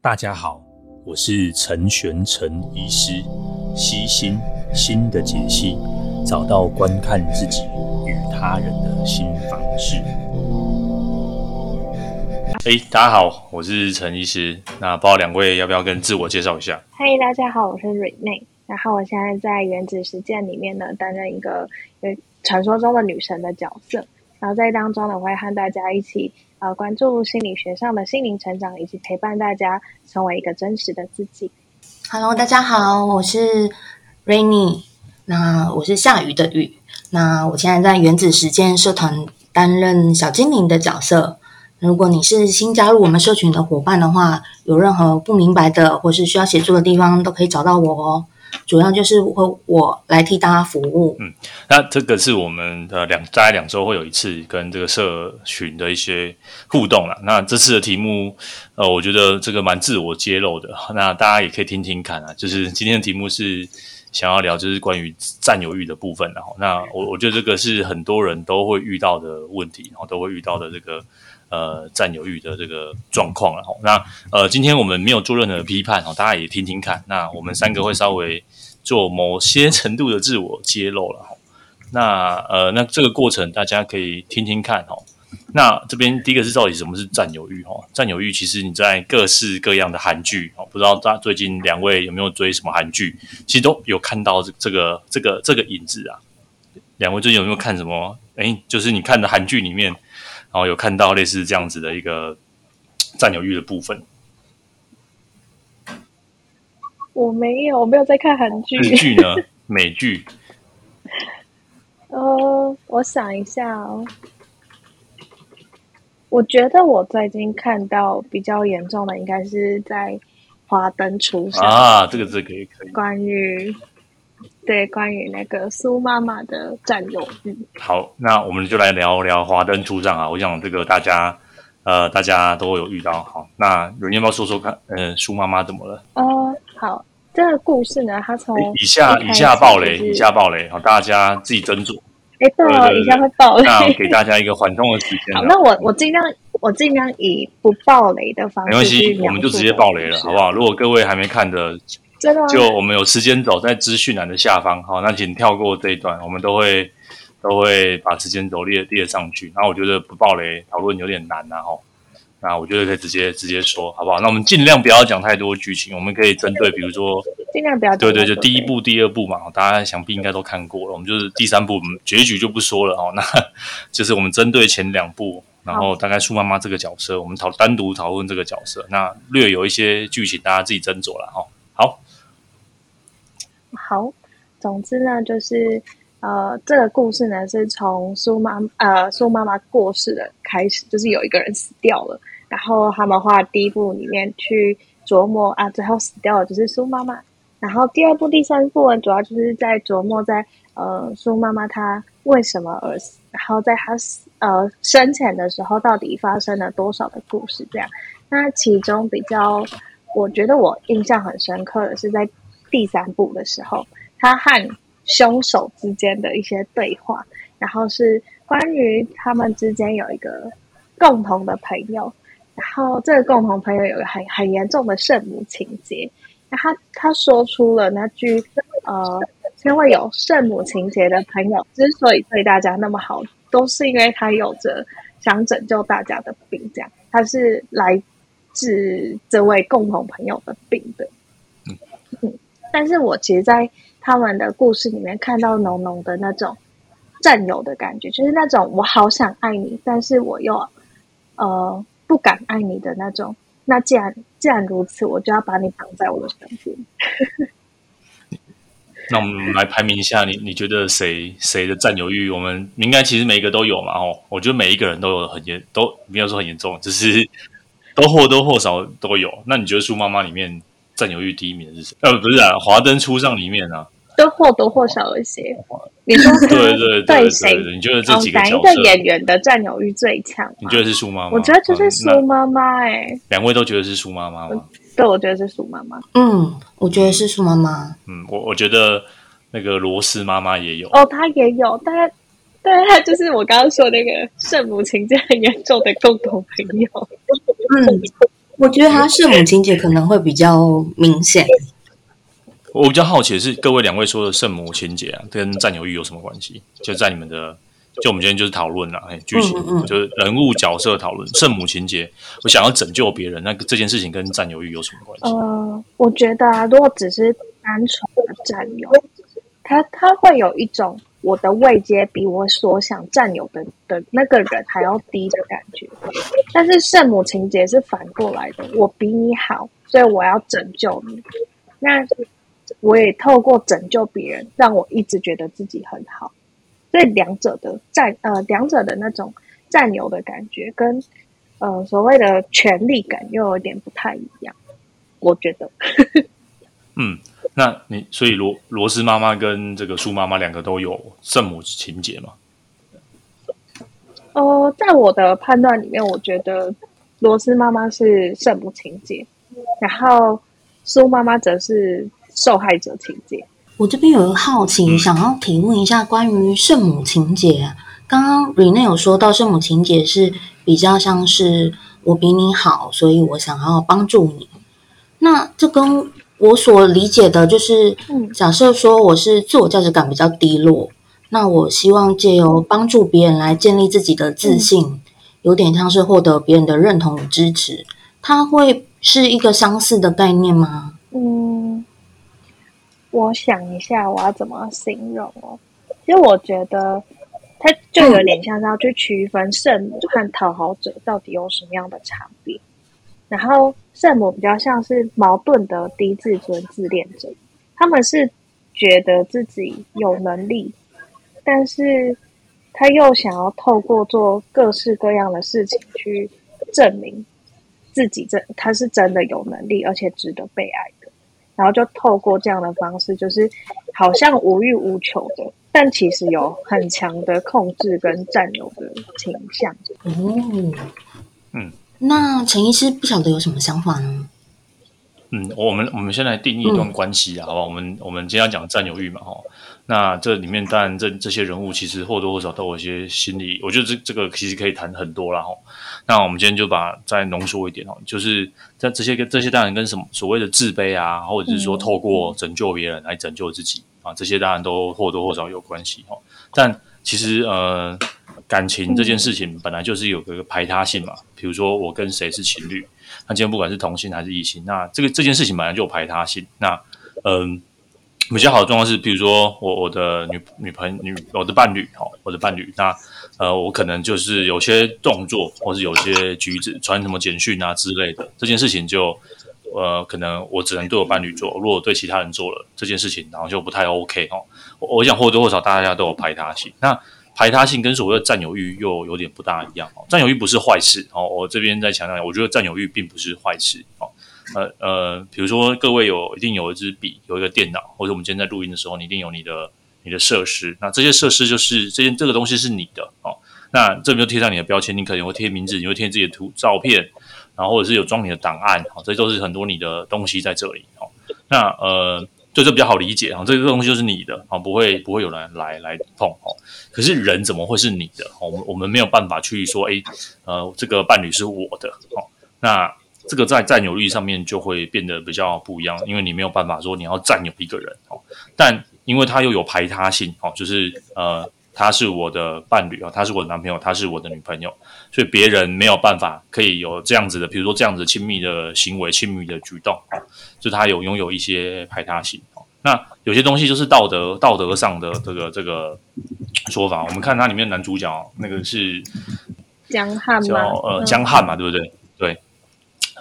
大家好，我是陳玄陳醫師，析心，新的解析，找到觀看自己與他人的新方式。Hey, 大家好，我是陳醫師。那不知道兩位要不要跟自我介紹一下？嗨，hey, 大家好，我是 Renee，然後我現在在原子實踐裡面呢，擔任一個傳說中的女神的角色。然後在當中呢，我會和大家一起。呃，關注心理學上的心靈成長，以及陪伴大家成為一個真實的自己。Hello，大家好，我是 Rainie，那我是下雨的雨，那我現在在原子實踐社團擔任小精靈的角色。如果你是新加入我們社群的夥伴的話，有任何不明白的或是需要協助的地方，都可以找到我哦。主要就是我，我來替大家服務。嗯，那這個是我們的兩大概兩周會有一次跟這個社群的一些互動啦。那這次的題目，呃，我覺得這個蠻自我揭露的。那大家也可以聽聽看啊，就是今天的題目是想要聊，就是關於佔有慾的部分。然後，那我我覺得這個是很多人都會遇到的問題，然後都會遇到的這個。呃，佔有欲的這個狀況了哈。那呃，今天我們沒有做任何的批判哈，大家也聽聽看。那我們三個會稍微做某些程度的自我揭露了哈。那呃，那這個過程大家可以聽聽看哈。那這邊第一個是到底什麼是佔有欲哈？佔有欲其實你在各式各樣的韓劇哈，不知道大家最近兩位有沒有追什麼韓劇？其實都有看到這個、這個這個這個影子啊。兩位最近有沒有看什麼？哎、欸，就是你看的韓劇裡面。然後有看到類似這樣子的一個佔有慾的部分，我沒有，我沒有在看韓劇，美劇呢？美劇？哦、 呃，我想一下哦，我覺得我最近看到比較嚴重的，應該是在《華燈初上》啊，這個字可以可以，可以關於。對，關於那個蘇媽媽的佔有慾。嗯、好，那我們就來聊聊華燈初上啊！我想這個大家，呃，大家都有遇到。好，那有人要不要說說看？呃，蘇媽媽怎麼了？哦、呃、好，這個故事呢，它從以下以下暴雷，以下暴雷，好、哦，大家自己斟酌。哎、欸，不、哦，呃、以下會暴雷，那我給大家一個緩衝的時間、啊。 好，那我我盡量我盡量以不暴雷的方式。沒關係，我們就直接暴雷了，好不好？如果各位還沒看的。啊、就我們有時間軸在資訊欄的下方、哦，好，那請跳過這一段，我們都會都會把時間軸列列上去。然後我覺得不暴雷討論有點難啊，吼，那我覺得、啊哦、我可以直接直接說，好不好？那我們盡量不要講太多劇情，我們可以針對，比如說，盡量，量不要量對，對對，就第一部、第二部嘛，大家想必應該都看過了。我們就是第三部結局就不說了哦，那就是我們針對前兩部，然後大概蘇媽媽這個角色，我們討單獨討論這個角色，那略有一些劇情，大家自己斟酌了哦。好，總之呢，就是呃，這個故事呢是從蘇媽呃蘇媽媽過世的開始，就是有一個人死掉了，然後他們畫第一部裡面去琢磨啊，最後死掉的就是蘇媽媽，然後第二部、第三部呢，主要就是在琢磨在呃蘇媽媽她為什麼而死，然後在她呃生前的時候，到底發生了多少的故事這樣。那其中比較我覺得我印象很深刻的是在。第三部的時候，他和凶手之間的一些對話，然後是關於他們之間有一個共同的朋友，然後這個共同朋友有一個很很嚴重的聖母情節，然後他，他說出了那句，呃，因為有聖母情節的朋友之所以對大家那麼好，都是因為他有着想拯救大家的病，這樣他是來治這位共同朋友的病的。嗯嗯但是我其實，在他們的故事裡面看到濃濃的那種，佔有的感覺，就是那種我好想愛你，但是我又，呃，不敢愛你的那種。那既然既然如此，我就要把你綁在我的身邊。 那我們來排名一下你，你你覺得誰誰的佔有慾？我們應該其實每一個都有嘛，哦，我覺得每一個人都有很嚴，都沒有說很嚴重，只是都或多或少都有。那你覺得《蘇媽媽》裡面？佔有慾第一名的是誰？呃、啊，不是啊，《華燈初上》裡面啊，都或多或少一些。哦、你說、就是、對對對誰？ 對誰你覺得這幾個、哦、一演員的佔有慾最強？你覺得是蘇媽媽？我覺得就是蘇媽媽哎。兩、啊、位都覺得是蘇媽媽嗎、嗯？對，我覺得是蘇媽媽。嗯，我覺得是蘇媽媽。嗯，我我覺得那個羅斯媽媽也有哦，她也有，她對她就是我剛剛說那個聖母情結很嚴重的共同朋友。嗯。 嗯我覺得他聖母情節可能會比較明顯、欸。我比較好奇的是，各位兩位說的聖母情節啊，跟占有慾有什麼關係？就在你們的，就我們今天就是討論了，哎、欸，劇情、嗯嗯、就是人物角色討論聖母情節。我想要拯救別人，那個、這件事情跟占有慾有什麼關係？呃，我覺得、啊、如果只是單純的占有，它它會有一種。我的位階比我所想占有的的那個人還要低的感覺，但是聖母情節是反過來的，我比你好，所以我要拯救你。那我也透過拯救別人，讓我一直覺得自己很好。所以兩者的占呃兩者的那種占有的感覺，跟呃所謂的權力感又有點不太一樣，我覺得。 嗯，那你所以羅羅斯媽媽跟這個蘇媽媽兩個都有聖母情節嗎？哦、呃，在我的判斷裡面，我覺得羅斯媽媽是聖母情節，然後蘇媽媽則是受害者情節。我這邊有一個好奇，想要提問一下關於聖母情節啊。剛剛 Renee 有說到聖母情節是比較像是我比你好，所以我想要幫助你。那這跟我所理解的就是，假設說我是自我價值感比較低落，嗯，那我希望借由幫助別人來建立自己的自信，嗯，有點像是獲得別人的認同與支持，它會是一個相似的概念嗎？嗯，我想一下，我要怎麼形容哦？其實我覺得它就有點像是要去區分聖母和討好者到底有什麼樣的差別，然後。聖母比較像是矛盾的低自尊自戀者，他們是覺得自己有能力，但是他又想要透過做各式各樣的事情去證明自己真，他是真的有能力，而且值得被愛的。然後就透過這樣的方式，就是好像無慾無求的，但其實有很強的控制跟佔有的傾向。嗯嗯。嗯那陳醫師不曉得有什麼想法呢？嗯，我們我們先來定義一段關係啊，嗯、好不好？我們我們今天要講佔有慾嘛、哦，哈。那這裡面當然這，這這些人物其實或多或少都有一些心理。我覺得這這個其實可以談很多啦，哈。那我們今天就把再濃縮一點哦，就是在這，這些跟這些當然跟什麼所謂的自卑啊，或者是說透過拯救別人來拯救自己、嗯、啊，這些當然都或多或少有關係、哦，哈。但其實呃。感情這件事情本來就是有個排他性嘛，比如說我跟誰是情侶，那今天不管是同性還是異性，那這個這件事情本來就有排他性。那嗯、呃，比較好的狀況是，比如說我我的女女朋友、女我的伴侶哦，我的伴侶，那呃我可能就是有些動作，或是有些舉止，傳什麼簡訊啊之類的，這件事情就呃可能我只能對我伴侶做，如果對其他人做了這件事情，然後就不太 OK 哦。我想或多或少大家都有排他性。那排他性跟所謂的佔有慾又有點不大一樣哦，佔有慾不是壞事哦。我這邊再強調一下，我覺得佔有慾並不是壞事哦。呃呃，比如說各位有一定有一支筆，有一個電腦，或者我們今天在錄音的時候，你一定有你的你的設施。那這些設施就是這些這個東西是你的哦。那這邊就貼上你的標籤，你可能會貼名字，你會貼自己的圖照片，然後或者是有裝你的檔案哦。這都是很多你的東西在這裡哦。那呃。就這比較好理解啊，這個東西就是你的啊，不會不會有人來來來碰哦。可是人怎麼會是你的？我們我們沒有辦法去說，哎，呃，這個伴侶是我的哦。那這個在佔有慾上面就會變得比較不一樣，因為你沒有辦法說你要佔有一個人哦。但因為它又有排他性哦，就是呃。他是我的伴侶啊，他是我的男朋友，他是我的女朋友，所以別人沒有辦法可以有這樣子的，比如說這樣子親密的行為、親密的舉動，就他有擁有一些排他性。那有些東西就是道德道德上的這個這個說法。我們看它裡面的男主角那個是叫江翰嘛，呃，江翰嘛，對不對？對，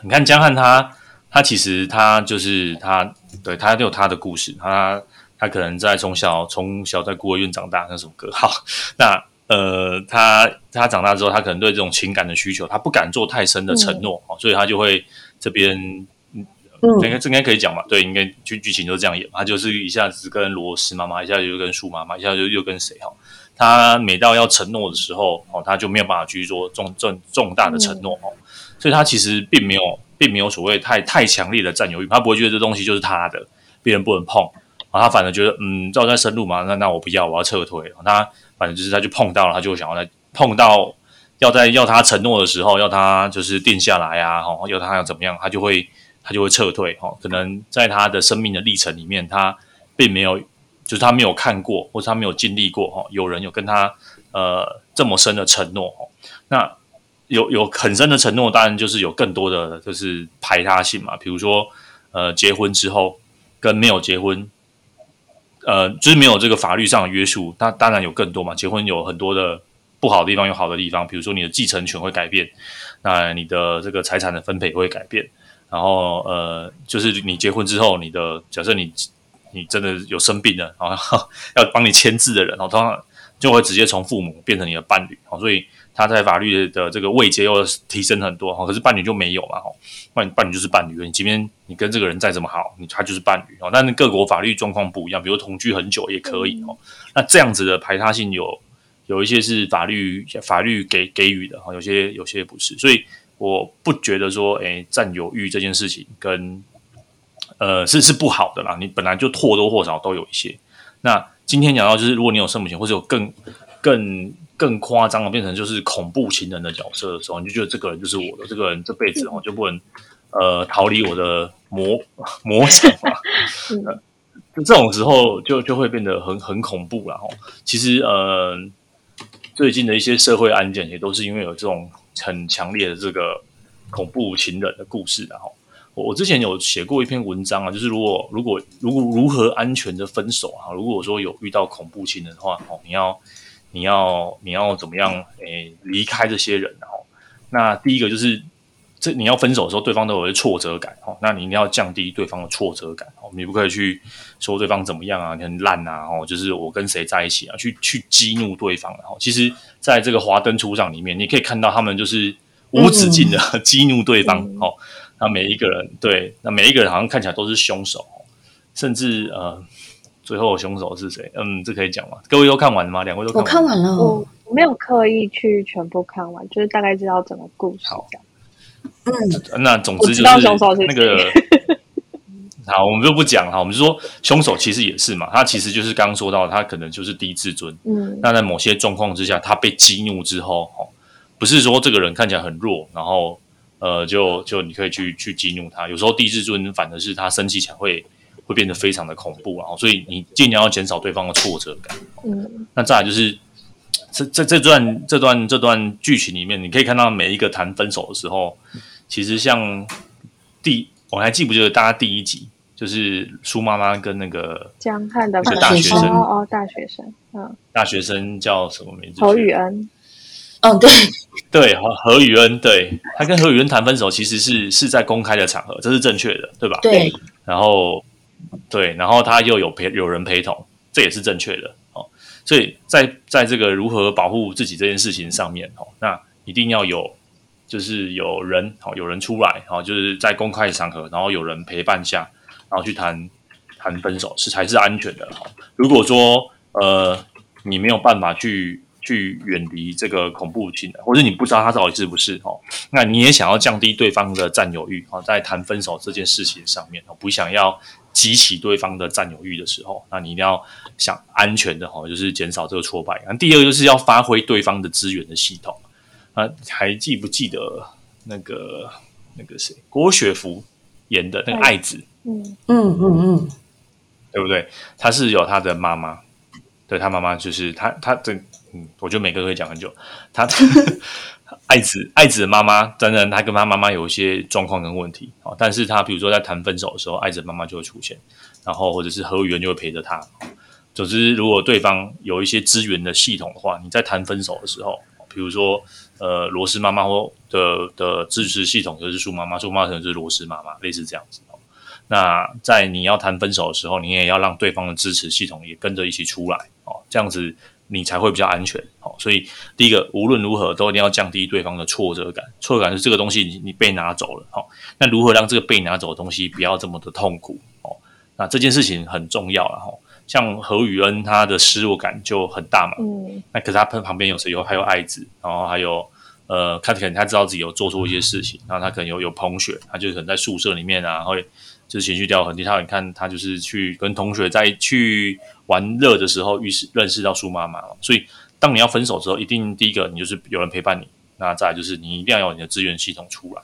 你看江翰他他其實他就是他，對他有他的故事，他。他可能在從小從小在孤兒院長大，那首歌好，那呃，他他長大之後，他可能對這種情感的需求，他不敢做太深的承諾、嗯、哦，所以他就會這邊嗯，應該這應該可以講吧，對，應該劇劇情就是這樣演，他就是一下子跟羅斯媽媽，一下子又跟蘇媽媽，一下子又跟誰哦，他每到要承諾的時候哦，他就沒有辦法去做重重重大的承諾、嗯、哦，所以他其實並沒有並沒有所謂太太強烈的占有欲，他不會覺得這東西就是他的，別人不能碰。他反正覺得，嗯，照在深入嘛，那那我不要，我要撤退。他反正就是，他就碰到了，他就會想要來碰到，要在要他承諾的時候，要他就是定下來啊，吼、哦，要他要怎麼樣，他就會他就會撤退。吼、哦，可能在他的生命的歷程裡面，他並沒有，就是他沒有看過，或者他沒有經歷過，吼、哦，有人有跟他呃這麼深的承諾。吼、哦，那有有很深的承諾，當然就是有更多的就是排他性嘛，比如說，呃，結婚之後跟沒有結婚。呃，就是沒有這個法律上的約束，那當然有更多嘛。結婚有很多的不好的地方，有好的地方。比如說你的繼承權會改變，那你的這個財產的分配會改變。然後呃，就是你結婚之後，你的假設你你真的有生病了，然後要幫你簽字的人，然後通常就會直接從父母變成你的伴侶。所以。他在法律的這個位階又提升很多哈，可是伴侶就沒有嘛哈，伴侶伴侶就是伴侶，你今天你跟這個人再怎麼好，你他就是伴侶。但是各國法律狀況不一樣，比如同居很久也可以。那這樣子的排他性有有一些是法律法律給給予的哈，有些有些不是，所以我不覺得說，誒，哎，占有欲這件事情跟，呃，是是不好的啦。你本來就或多或少都有一些。那今天講到就是，如果你有聖母心或者有更更。更誇張的變成就是恐怖情人的角色的時候，你就覺得這個人就是我的，這個人這輩子就不能、嗯、呃逃離我的魔魔掌嘛、啊嗯呃。就這種時候就，就就會變得很很恐怖了哈。其實嗯、呃，最近的一些社會案件也都是因為有這種很強烈的這個恐怖情人的故事哈，然後，我我之前有寫過一篇文章啊，就是如果如果如果如何安全的分手哈、啊，如果說有遇到恐怖情人的話你要。你要你要怎麼樣？哎、欸，離開這些人，哦，然後那第一個就是，這你要分手的時候，對方都有些挫折感哦。那你一定要降低對方的挫折感哦，你不可以去說對方怎麼樣啊，很爛啊，哦，就是我跟誰在一起啊，去去激怒對方。然後，其實在這個華燈初上裡面，你可以看到他們就是無止境的嗯嗯激怒對方哦。嗯嗯那每一個人對，那每一個人好像看起來都是兇手，哦，甚至呃。最後，兇手是誰？嗯，這可以講嗎？各位都看完了嗎？兩位都看完了？我看完了，我沒有刻意去全部看完，嗯、就是大概知道整個故事。好，嗯，那總之就是，我知道兇手是誰。那個好，我們就不講了。我們就說兇手其實也是嘛，他其實就是剛剛說到，他可能就是低自尊。嗯，那在某些狀況之下，他被激怒之後，哦、不是說這個人看起來很弱，然後呃，就就你可以去去激怒他。有時候低自尊反而是他生氣才會。會變得非常的恐怖，然後，所以你盡量要減少對方的挫折感。嗯，那再來就是，這這這段這段這段劇情裡面，你可以看到每一個談分手的時候，其實像第我還記不記得大家第一集就是蘇媽媽跟那個江翰的大學生哦，哦，大學生，嗯、哦，大學生叫什麼名字何？何予恩，嗯，對，對何何予恩，對他跟何予恩談分手，其實是是在公開的場合，這是正確的，對吧？對，然後。對，然後他又有陪有人陪同，這也是正確的哦。所以在，在在這個如何保護自己這件事情上面，哦，那一定要有，就是有人，哦，有人出來，哦，就是在公開場合，然後有人陪伴下，然後去談談分手是才是安全的。哦，如果說呃，你沒有辦法去。去遠離這個恐怖情人的，或者你不知道他到底是不是哦，那你也想要降低對方的佔有慾，哦，在談分手這件事情上面，哦，不想要激起對方的佔有慾的時候，那你一定要想安全的，哦，就是減少這個挫敗。那，啊，第二個就是要發揮對方的資源的系統啊，還記不記得那個那個誰，郭雪芙演的那個愛子？嗯嗯嗯嗯，嗯，對不對？他是有他的媽媽，對，他媽媽就是他他的。嗯，我覺得每個都會講很久。他呵呵愛子，愛子的媽媽，當然他跟他媽媽有一些狀況跟問題，哦、但是他比如說在談分手的時候，愛子的媽媽就會出現，然後或者是何予恩就會陪着他。哦、總之，如果對方有一些資源的系統的話，你在談分手的時候，哦、比如說呃，羅斯媽媽或的的支持系統就是蘇媽媽，蘇媽媽可能是羅斯媽媽，類似這樣子，哦、那在你要談分手的時候，你也要讓對方的支持系統也跟着一起出來哦，這樣子。你才會比較安全，好，所以第一個無論如何都一定要降低對方的挫折感。挫折感是這個東西你，你你被拿走了，好，那如何讓這個被拿走的東西不要這麼的痛苦？哦，那這件事情很重要了，像何予恩，他的失落感就很大嘛，嗯，那可是他旁邊有誰，有還有愛子，然後還有呃，他可能他知道自己有做錯一些事情，嗯、然後他可能有有貧血，他就可能在宿舍裡面啊會。就是情緒掉很低，他你看他就是去跟同學在去玩樂的時候，遇認識到蘇媽媽。所以當你要分手的時候，一定第一個你就是有人陪伴你，那再來就是你一定要有你的資源系統出來。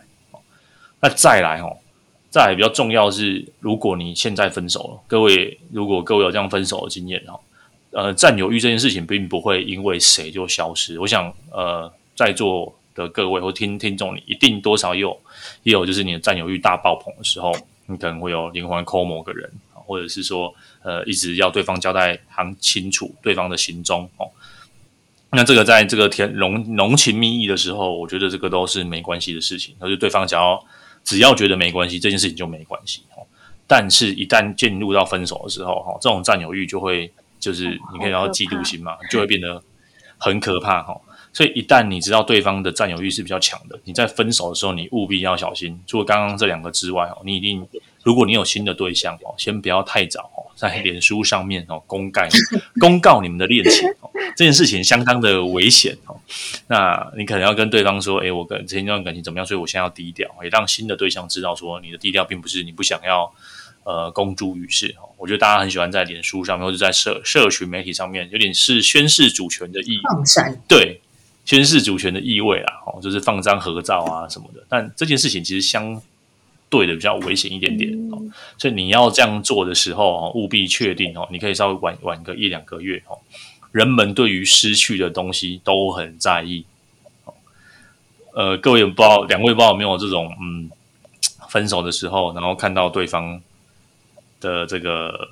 那再來哦，再來比較重要的是，如果你現在分手了，各位如果各位有這樣分手的經驗哈，呃，佔有欲這件事情並不會因為誰就消失。我想呃，在座的各位或聽聽眾，你一定多少也有也有就是你的佔有欲大爆棚的時候。你可能會有靈魂摳某個人，或者是說，呃，一直要對方交代很清楚對方的行蹤哦。那這個在這個甜濃濃情蜜意的時候，我覺得這個都是沒關係的事情。可是對方只要，只要覺得沒關係，這件事情就沒關係哦。但是，一旦進入到分手的時候，哈、哦，這種佔有慾就會，就是、哦、你可以講嫉妒心嘛，哦、就會變得很可怕哈。哦所以一旦你知道對方的佔有慾是比較強的，你在分手的時候，你務必要小心。除了剛剛這兩個之外哦，你一定，如果你有新的對象哦，先不要太早哦，在臉書上面哦公蓋公告你們的戀情哦， 這件事情相當的危險哦，那你可能要跟對方說，誒、哎、我跟前一段感情怎麼樣？所以我先要低調，也讓新的對象知道說，你的低調並不是你不想要呃，公諸於世。我覺得大家很喜歡在臉書上面或者在社社群媒體上面，有點是宣示主權的意義。放閃。對。宣示主權的意味啦，哦，就是放張合照啊，什麼的。但這件事情其實相對的比較危險一點點哦，嗯、所以你要這樣做的時候哦，務必確定哦。你可以稍微晚晚個一兩個月哦。人們對於失去的東西都很在意。呃，各位不知道，兩位不知道有沒有這種嗯，分手的時候，然後看到對方的這個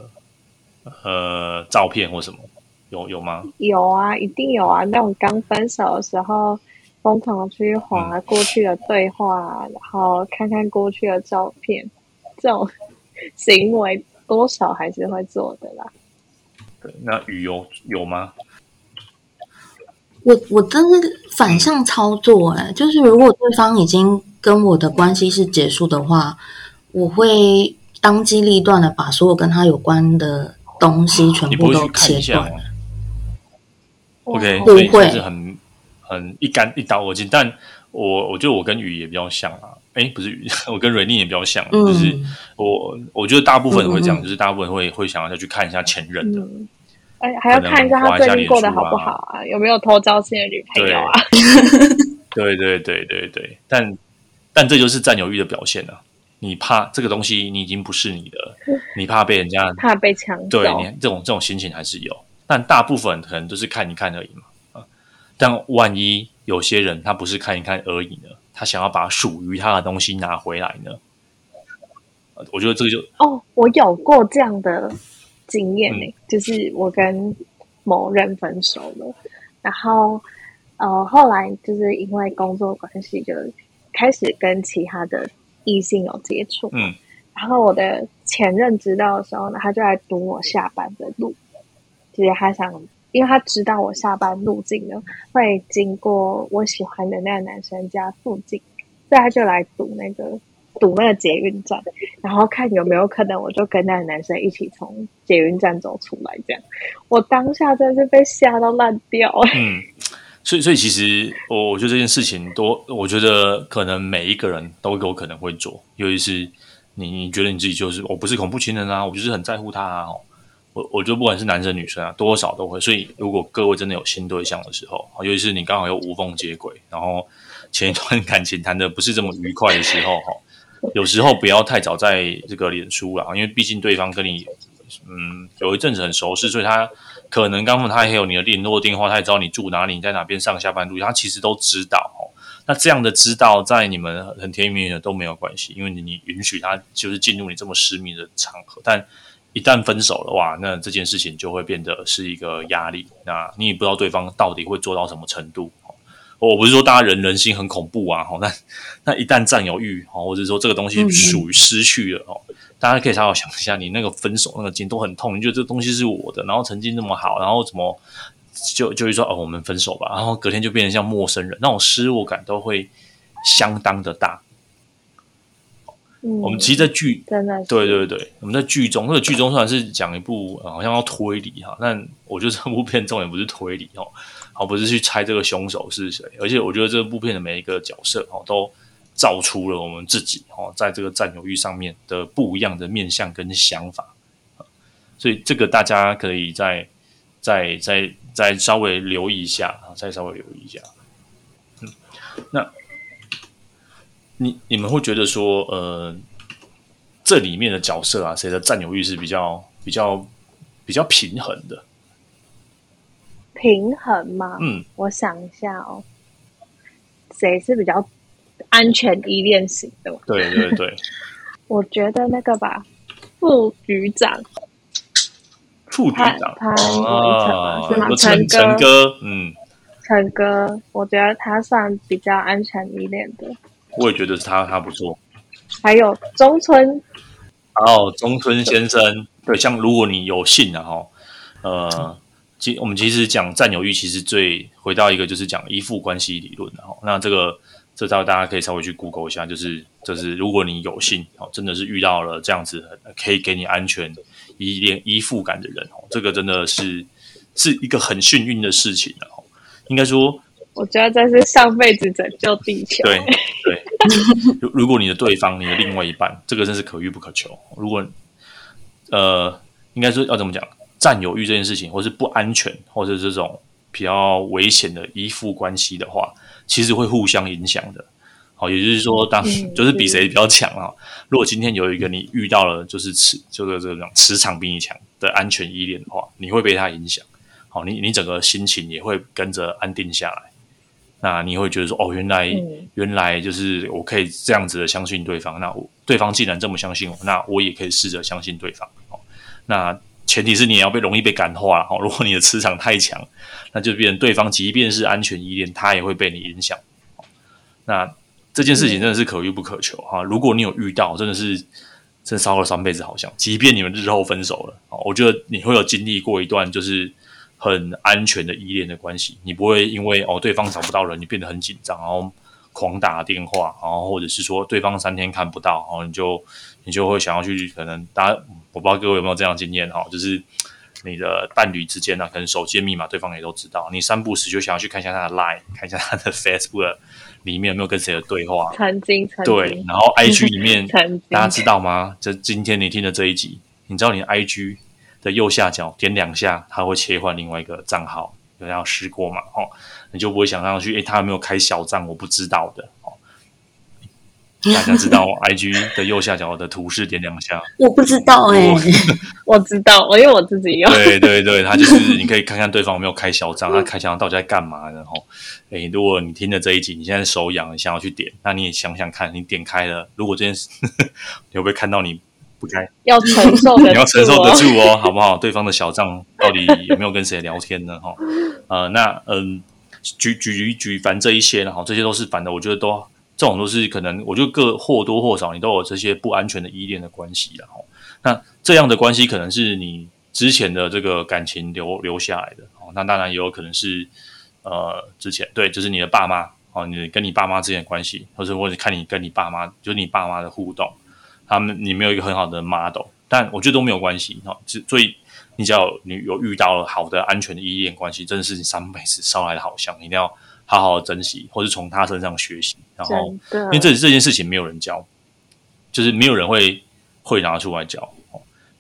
呃照片或什麼。有有嗎？有啊，一定有啊！那種剛分手的時候，瘋狂去滑過去的對話、啊，嗯、然後看看過去的照片，這種行為多少還是會做的啦。對，那雨有,有嗎？我我真是反向操作哎、欸，就是如果對方已經跟我的關係是結束的話，我會當機立斷的把所有跟他有關的東西全部都切斷。OK，哇所以就是很會很一竿一刀而進，但我我覺得我跟雨也比較像啊，哎，不是雨，我跟瑞 a 也比較像、啊，嗯、就是我我覺得大部分人會這樣，嗯、就是大部分會、嗯、會想要再去看一下前任的，哎、嗯，還要看一下他對你、啊、過得好不好啊，有沒有偷糟的女朋友啊，對？對對對對對，但但這就是占有欲的表現啊，你怕這個東西你已經不是你的，你怕被人家怕被搶。對，你這種這種心情還是有。但大部分可能都是看一看而已嘛，但萬一有些人他不是看一看而已呢？他想要把屬於他的東西拿回來呢？我覺得這個就……哦，我有過這樣的經驗呢、欸，嗯、就是我跟某人分手了，嗯、然後呃，後來就是因為工作關係就開始跟其他的異性有接觸，嗯，然後我的前任知道的時候呢，他就來堵我下班的路。他想，因為他知道我下班路徑了會經過我喜歡的那個男生家附近，所以他就來堵那個堵那個捷運站，然後看有沒有可能，我就跟那個男生一起從捷運站走出來。這樣，我當下真的是被嚇到爛掉。嗯，所以所以其實我我覺得這件事情都，多我覺得可能每一個人都有可能會做，尤其是你你覺得你自己就是我不是恐怖情人啊，我就是很在乎他啊。我我覺得不管是男生女生啊，多少都會。所以如果各位真的有新對象的時候，尤其是你剛好又無縫接軌，然後前一段感情談得不是這麼愉快的時候，齁，有時候不要太早在這個臉書啦，因為畢竟對方跟你，嗯，有一陣子很熟識，所以他可能剛剛他也有你的聯絡電話，他也知道你住哪裡，你在哪邊上下班路，他其實都知道。齁，那這樣的知道在你們很甜蜜蜜的都沒有關係，因為你允許他就是進入你這麼私密的場合，但，一旦分手的話，那這件事情就會變得是一個壓力。那你也不知道對方到底會做到什麼程度。哦、我不是說大家人人心很恐怖啊，哈、哦，那那一旦占有欲，哈、哦，或者說這個東西屬於失去了，嗯、哦，大家可以稍微想一下，你那個分手那個勁都很痛，你覺得這東西是我的，然後曾經那麼好，然後怎麼就就會說哦、呃，我們分手吧，然後隔天就變成像陌生人，那種失落感都會相當的大。嗯、我們其實在，在劇，對對對，我們在劇中，這個劇中算是講一部好像要推理哈，但我覺得這部片重點不是推理哦，而不是去猜這個兇手是誰，而且我覺得這部片的每一個角色哦，都造出了我們自己哦，在這個占有欲上面的不一樣的面向跟想法，所以這個大家可以再再再再稍微留意一下啊，再稍微留意一下，嗯，那。你你們會覺得說，呃，這裡面的角色啊，誰的佔有慾是比較比較比較平衡的？平衡嗎？嗯，我想一下哦，誰是比較安全依戀型的？對對對， 我覺得那個吧，副局長，副局長，他陳是成哥，嗯，成哥，我覺得他算比較安全依戀的。我也覺得他他不錯，還有中村，然後中村先生，對，對像如果你有幸的、啊、哈，呃，嗯、其我們其實講占有欲，其實最回到一個就是講依附關係理論的、啊、哈。那這個這招、個、大家可以稍微去 Google 一下，就是就是如果你有幸哦、啊，真的是遇到了這樣子可以給你安全依戀依附感的人哦、啊，這個真的是是一個很幸運的事情的、啊、哦。應該說，我覺得這是上輩子拯救地球， 對對。如 如果你的對方，你的另外一半，這個真是可遇不可求。如果呃，應該說要怎麼講，佔有欲這件事情，或是不安全，或是這種比較危險的依附關係的話，其實會互相影響的。好，也就是說，當就是比誰比較強啊。如果今天有一個你遇到了，就是磁，就是這種磁場比你強的安全依戀的話，你會被他影響。好，你你整個心情也會跟着安定下來。那你會覺得說哦，原來原來就是我可以這樣子的相信對方。那對方既然這麼相信我，那我也可以試着相信對方。那前提是你也要被容易被感化，如果你的磁場太強，那就變成對方，即便是安全依戀，他也會被你影響。那這件事情真的是可遇不可求哈。嗯。如果你有遇到，真的是真燒了三輩子好香。即便你們日後分手了，我覺得你會有經歷過一段就是。很安全的依戀的關係，你不會因為哦，對方找不到人，你變得很緊張，然後狂打電話，然後或者是說對方三天看不到，然後你就你就會想要去，可能大家，我不知道各位有沒有這樣經驗哈，就是你的伴侶之間呢，可能手機密碼對方也都知道，你三不時就想要去看一下他的 Line，看一下他的 Facebook 裡面有沒有跟誰的對話，曾經、曾經，對，然後 IG 裡面大家知道嗎？這今天你聽的這一集，你知道你的 IG？的右下角點兩下，他會切換另外一個賬號。有、就是、要試過嘛？哦，你就不會想上去，哎、欸，他有沒有開小賬？我不知道的。哦，大家知道、哦、 ，IG 的右下角的圖示點兩下，我不知道哎、欸，果我知道，我因為我自己用。對對對，他就是你可以看看對方有沒有開小賬，他開小賬到底在幹嘛呢吼？哎、哦欸，如果你聽了這一集，你現在手癢，你想要去點，那你也想想看，你點開了，如果這件事，你會不會看到你？不該要承受，哦、 你要承受得住哦，好不好？對方的小賬到底有沒有跟誰聊天呢？哈、 呃，呃，那嗯，舉舉舉舉凡這一些呢，哈，這些都是反的。我覺得都這種都是可能，我就各或多或少，你都有這些不安全的依戀的關係了。哈、哦，那這樣的關係可能是你之前的這個感情留留下來的。哦，那當然也有可能是呃之前對，就是你的爸媽哦，你跟你爸媽之間的關係，或者或者看你跟你爸媽，就是你爸媽的互動。他們你沒有一個很好的 model，但我覺得都沒有關係哦。所以你只要你有遇到了好的安全的依戀關係，真的是三百你三輩子燒來的好香，一定要好好的珍惜，或是從他身上學習。然後，的因為這這件事情沒有人教，就是沒有人會會拿出來教。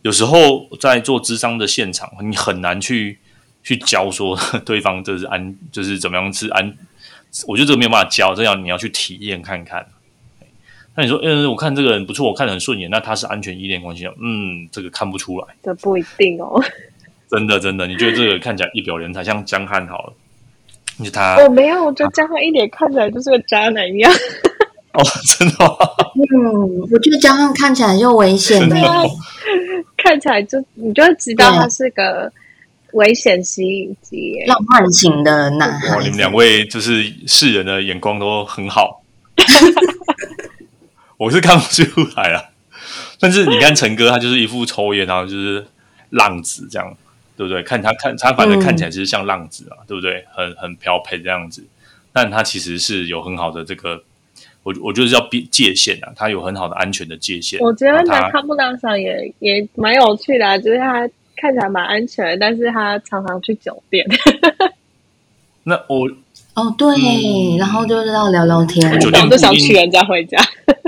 有時候在做諮商的現場，你很難去去教說對方這是安，就是怎麼樣是安。我覺得這個沒有辦法教，這樣你要去體驗看看。啊、你說嗯、欸，我看這個人不錯，我看的很順眼。那他是安全依戀關係？嗯，這個看不出來。這不一定哦。真的，真的，你覺得這個看起來一表人才，像江翰好了？你、就是、他我、哦、沒有，我覺得江翰一臉看起來就是個渣男一樣。啊、哦，真的。嗯，我覺得江翰看起來又危險，看起來就，起來就你就知道他是個危險吸引機、啊、浪漫型的男孩。哇，你們兩位就是世人的眼光都很好。 我是看不出來啊，但是你看陳哥，他就是一副抽煙、啊，然後 就是浪子這樣，對不對？看他看他，反正看起來就是像浪子啊，嗯、對不對？很很飄撇這樣子，但他其實是有很好的這個，我我就是要邊界限啊，他有很好的安全的界限。我覺得他看不到上也也蠻有趣的、啊，就是他看起來蠻安全，但是他常常去酒店。 那我哦對，嗯、然後就是我聊聊天，我然後就想去人家回家。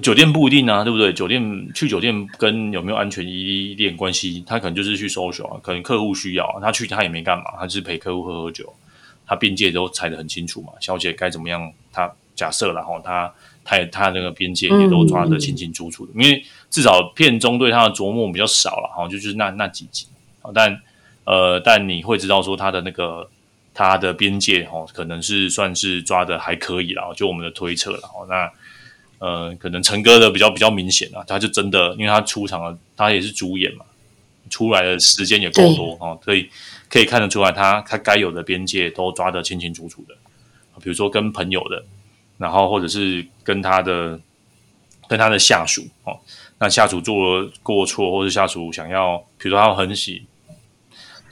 酒店不一定啊，對不對？酒店，去酒店跟有沒有安全依戀關係，他可能就是去 social，啊，可能客戶需要他，啊，去，他也沒幹嘛，他是陪客戶喝喝酒，他邊界都踩得很清楚嘛。小姐該怎麼樣，他假設然後哈，他他他那個邊界也都抓得清清楚楚的，嗯嗯嗯，因為至少片中對他的琢磨比較少了哈，就是那那幾集。但呃，但你會知道說他的那個他的邊界哈、喔，可能是算是抓得還可以了，就我們的推測了哈。那呃，可能陳哥的比較比較明顯啊，他就真的，因為他出場了，他也是主演嘛，出來的時間也夠多對哦，所以可以看得出來他，他他該有的邊界都抓得清清楚楚的，比如說跟朋友的，然後或者是跟他的跟他的下屬哦，那下屬做了過錯，或者下屬想要，比如說他很喜。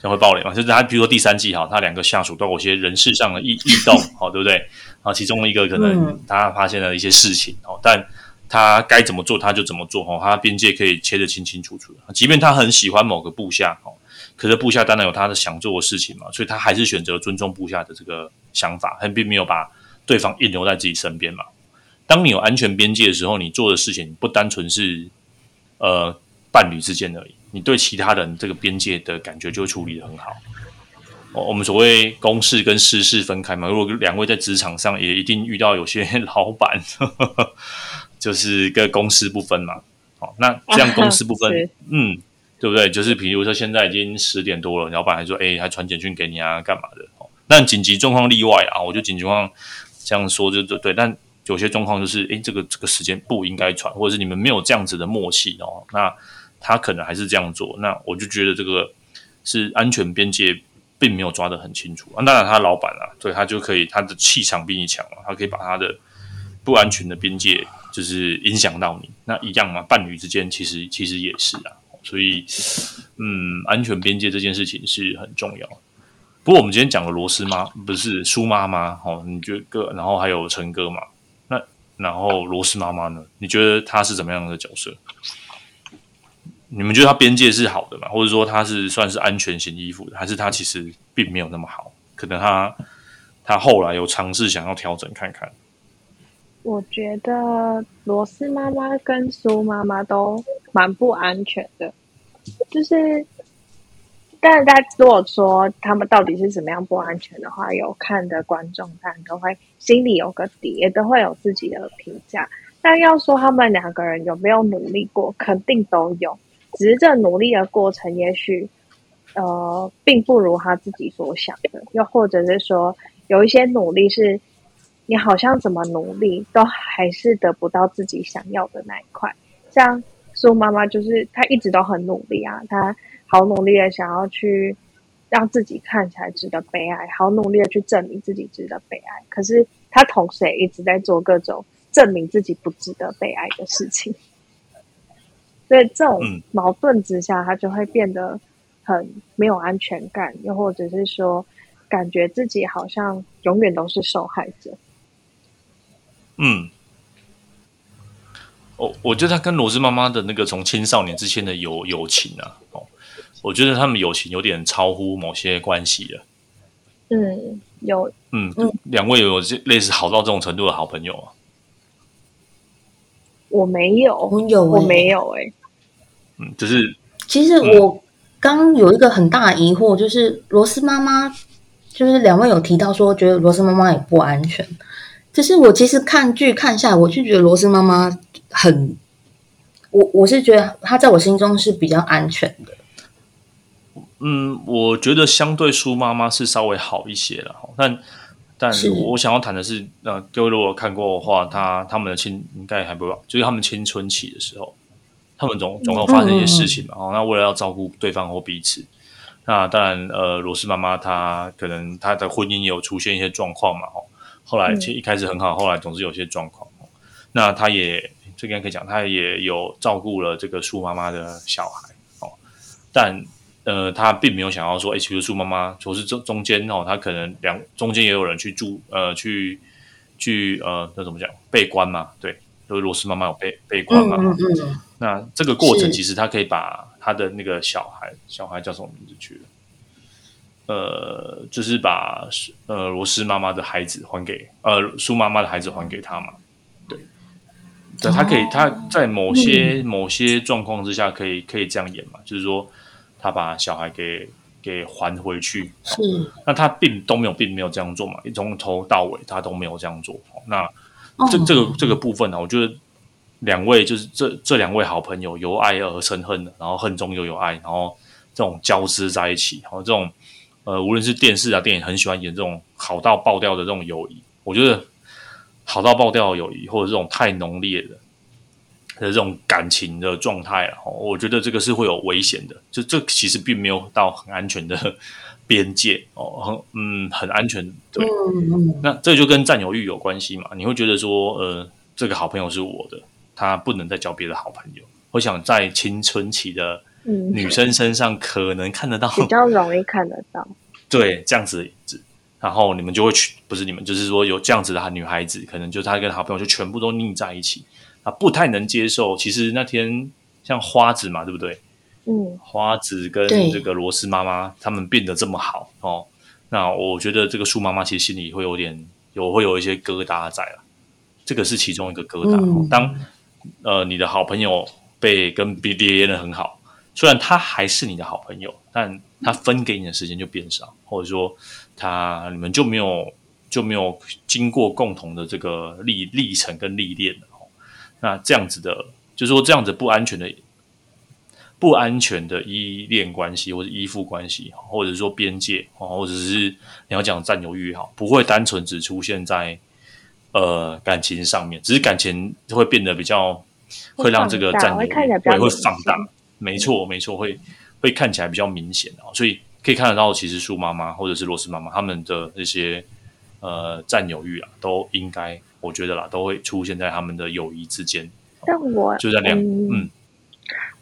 將會爆雷嘛？就是他，比如說第三季哈，他兩個下屬都有些人事上的異異動，好 對不對？啊，其中一個可能他發現了一些事情哦，嗯、但他該怎麼做他就怎麼做哦，他邊界可以切得清清楚楚。即便他很喜歡某個部下哦，可是部下當然有他的想做的事情嘛，所以他還是選擇尊重部下的這個想法，他並沒有把對方硬留在自己身邊嘛。當你有安全邊界的時候，你做的事情不單純是呃伴侶之間而已。你對其他人這個邊界的感覺就會處理得很好，哦。我們所謂公事跟私事分開嘛。如果兩位在職場上也一定遇到有些老闆，呵呵，就是跟公私不分嘛，哦。那這樣公私不分，啊、嗯，對不對？就是比如說現在已經十點多了，老闆還說，哎，還傳簡訊給你啊，幹嘛的？那、哦、緊急狀況例外啊。我就緊急狀況這樣說，就對。但有些狀況就是，哎，這個這個時間不應該傳，或者是你們沒有這樣子的默契哦。那。他可能還是這樣做，那我就覺得這個是安全邊界並沒有抓得很清楚啊。當然，他老板啊，所以他就可以，他的氣場比你強啊，他可以把他的不安全的邊界就是影響到你。那一樣嘛，伴侶之間其實其實也是啊。所以，嗯，安全邊界這件事情是很重要。不過，我們今天講了羅斯媽，不是蘇媽媽，哦，你覺得？然後還有陳哥嘛？那然後羅斯媽媽呢？你覺得他是怎麼樣的角色？你們覺得他邊界是好的嗎？或者說他是算是安全型依附的，還是他其實並沒有那麼好？可能他他後來有嘗試想要調整看看。我覺得蘿絲媽媽跟蘇媽媽都蠻不安全的，就是，但是大家如果說他們到底是怎麼樣不安全的話，有看的觀眾他都會心裡有個底，也都會有自己的評價。但要說他們兩個人有沒有努力過，肯定都有。只是這努力的過程也，也許呃，並不如他自己所想的。又或者是說，有一些努力是，你好像怎麼努力，都還是得不到自己想要的那一塊。像蘇媽媽，就是她一直都很努力啊，她好努力的想要去讓自己看起來值得被愛，好努力的去證明自己值得被愛。可是她同時也一直在做各種證明自己不值得被愛的事情。所以這種矛盾之下，嗯、他就會變得很沒有安全感，又或者是說，感覺自己好像永遠都是受害者。嗯，我、哦、我覺得他跟蘿絲媽媽的那個從青少年之間的友友情啊、哦，我覺得他們友情有點超乎某些關係的。嗯，有嗯，嗯兩位有這類似好到這種程度的好朋友啊？我沒有，我有，我沒有、欸，哎。嗯，就是其實我剛有一個很大疑惑，就是蘿絲媽媽，就是兩位有提到說覺得蘿絲媽媽也不安全，可是我其實看劇看下來，我就覺得蘿絲媽媽很我，我我是覺得她在我心中是比較安全的。嗯，我覺得相對蘇媽媽是稍微好一些了，但但我想要談的是，是呃，各位如果看過的話，她他,他們的青應該還不就是他們青春期的時候。他們總總會有發生一些事情嘛，哦、嗯嗯嗯喔，那為了要照顧對方或彼此，那當然，呃，羅斯媽媽她可能她的婚姻也有出現一些狀況嘛，哦、喔，後來其實一開始很好，後來總是有些狀況，哦、嗯喔，那他也這邊可以講，他也有照顧了這個蘇媽媽的小孩，哦、喔，但呃，他並沒有想要說其實蘇媽媽，就、欸、是中中間哦，他、喔、可能兩中間也有人去住，呃，去去呃，那怎麼講被關嘛，對。就是羅斯媽媽有被被困嘛，嗯嗯、那這個過程其實他可以把他的那個小孩，是小孩叫什麼名字去了？呃，就是把呃羅斯媽媽的孩子還給呃蘇媽媽的孩子還給他嘛？對，哦、他可以，他在某些、嗯、某些狀況之下可以可以這樣演嘛？就是說他把小孩給給還回去，是、啊、那他並都沒有並沒有這樣做嘛？從頭到尾他都沒有這樣做，那。這這個這個部分呢，我覺得兩位就是這這兩位好朋友由愛而生恨，然後恨中又有愛，然後這種交織在一起，然後這種呃，無論是電視啊電影，很喜歡演這種好到爆掉的這種友誼，我覺得好到爆掉的友誼或者這種太濃烈的的這種感情的狀態啊，我覺得這個是會有危險的，就這其實並沒有到很安全的。邊界哦，很嗯，很安全，對。嗯、那這就跟占有欲有關係嘛？你會覺得說，呃，這個好朋友是我的，他不能再交別的好朋友。我想在青春期的女生身上可能看得到，嗯、比較容易看得到，對，這樣子的影子。然後你們就會去，不是你們，就是說有這樣子的女孩子，可能就她跟好朋友就全部都膩在一起，啊，不太能接受。其實那天像花子嘛，對不對？嗯，花子跟這個羅斯媽媽，他、嗯、們變得這麼好哦，那我覺得這個樹媽媽其實心裡會有點有會有一些疙瘩在了、啊，這個是其中一個疙瘩。哦、當呃你的好朋友被跟 b 別 a 的很好，雖然他還是你的好朋友，但他分給你的時間就變少，或者說他你們就沒有就沒有經過共同的這個歷歷程跟歷練哦，那這樣子的就是、說這樣子不安全的。不安全的依戀關係，或者依附關係，或者說邊界啊，或者是你要講占有欲哈，不會單純只出現在呃感情上面，只是感情會變得比較會讓這個占有欲會放大，沒錯沒錯，會會看起來比較明顯啊。所以可以看得到，其實蘇媽媽或者是羅斯媽媽他們的那些呃占有欲啊，都應該我覺得啦，都會出現在他們的友誼之間，像我就在樣。嗯。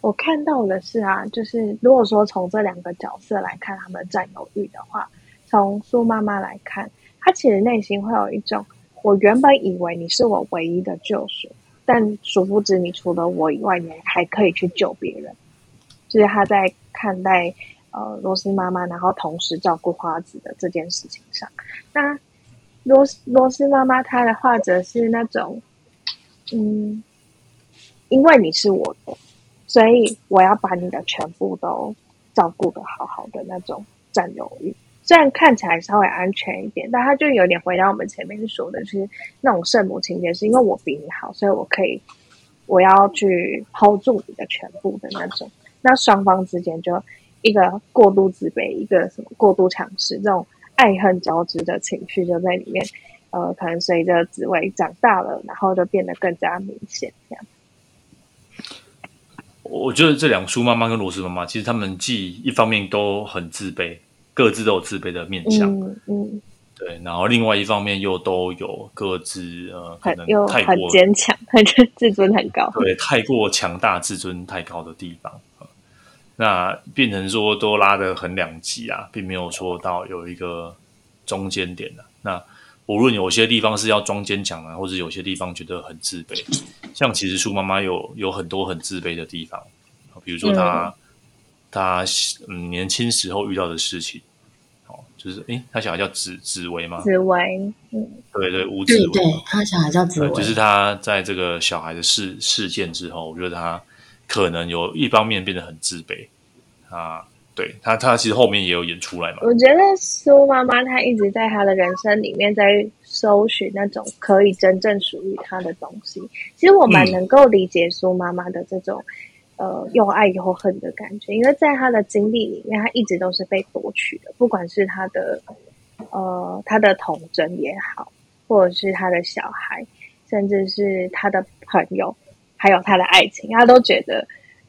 我看到的是啊，就是如果說從這兩個角色來看他們占有欲的話，從蘇媽媽來看，她其實內心會有一種，我原本以為你是我唯一的救贖，但殊不知你除了我以外，你還可以去救別人。就是她在看待呃羅斯媽媽，然後同時照顧花子的這件事情上。那羅斯羅斯媽媽，她的話則是那種，嗯，因為你是我的。所以我要把你的全部都照顧的好好的那種佔有慾，雖然看起來稍微安全一點，但他就有點回到我們前面說的，是那種聖母情節，是因為我比你好，所以我可以，我要去 hold 住你的全部的那種。那雙方之間就一個過度自卑，一個什麼過度強勢，這種愛恨交織的情緒就在裡面。呃，可能隨着職位長大了，然後就變得更加明顯，這樣。我覺得這兩個蘇媽媽跟 Rose 媽媽，其實他們既一方面都很自卑，各自都有自卑的面向，嗯，嗯對，然後另外一方面又都有各自呃，可能太過很堅強，過自尊很高，對，太過強大，自尊太高的地方，呃，那變成說都拉得很兩極啊，並沒有說到有一個中間點啊，那。無論有些地方是要裝堅強的、啊，或者有些地方覺得很自卑，像其實蘇媽媽有有很多很自卑的地方，比如說她他、嗯嗯、年輕時候遇到的事情，就是誒她微，他小孩叫紫紫薇嗎？紫薇，嗯，對對，五紫薇，對她小孩叫紫薇，就是她在這個小孩的事事件之後，我覺得她可能有一方面變得很自卑，啊。對，他，他其實後面也有演出來嘛。我覺得蘇媽媽她一直在她的人生裡面在搜尋那種可以真正屬於她的東西。其實我蠻能夠理解蘇媽媽的這種、嗯、呃又愛又恨的感覺，因為在他的經歷裡面，他一直都是被奪取的，不管是他的呃他的童真也好，或者是他的小孩，甚至是他的朋友，還有他的愛情，他都覺得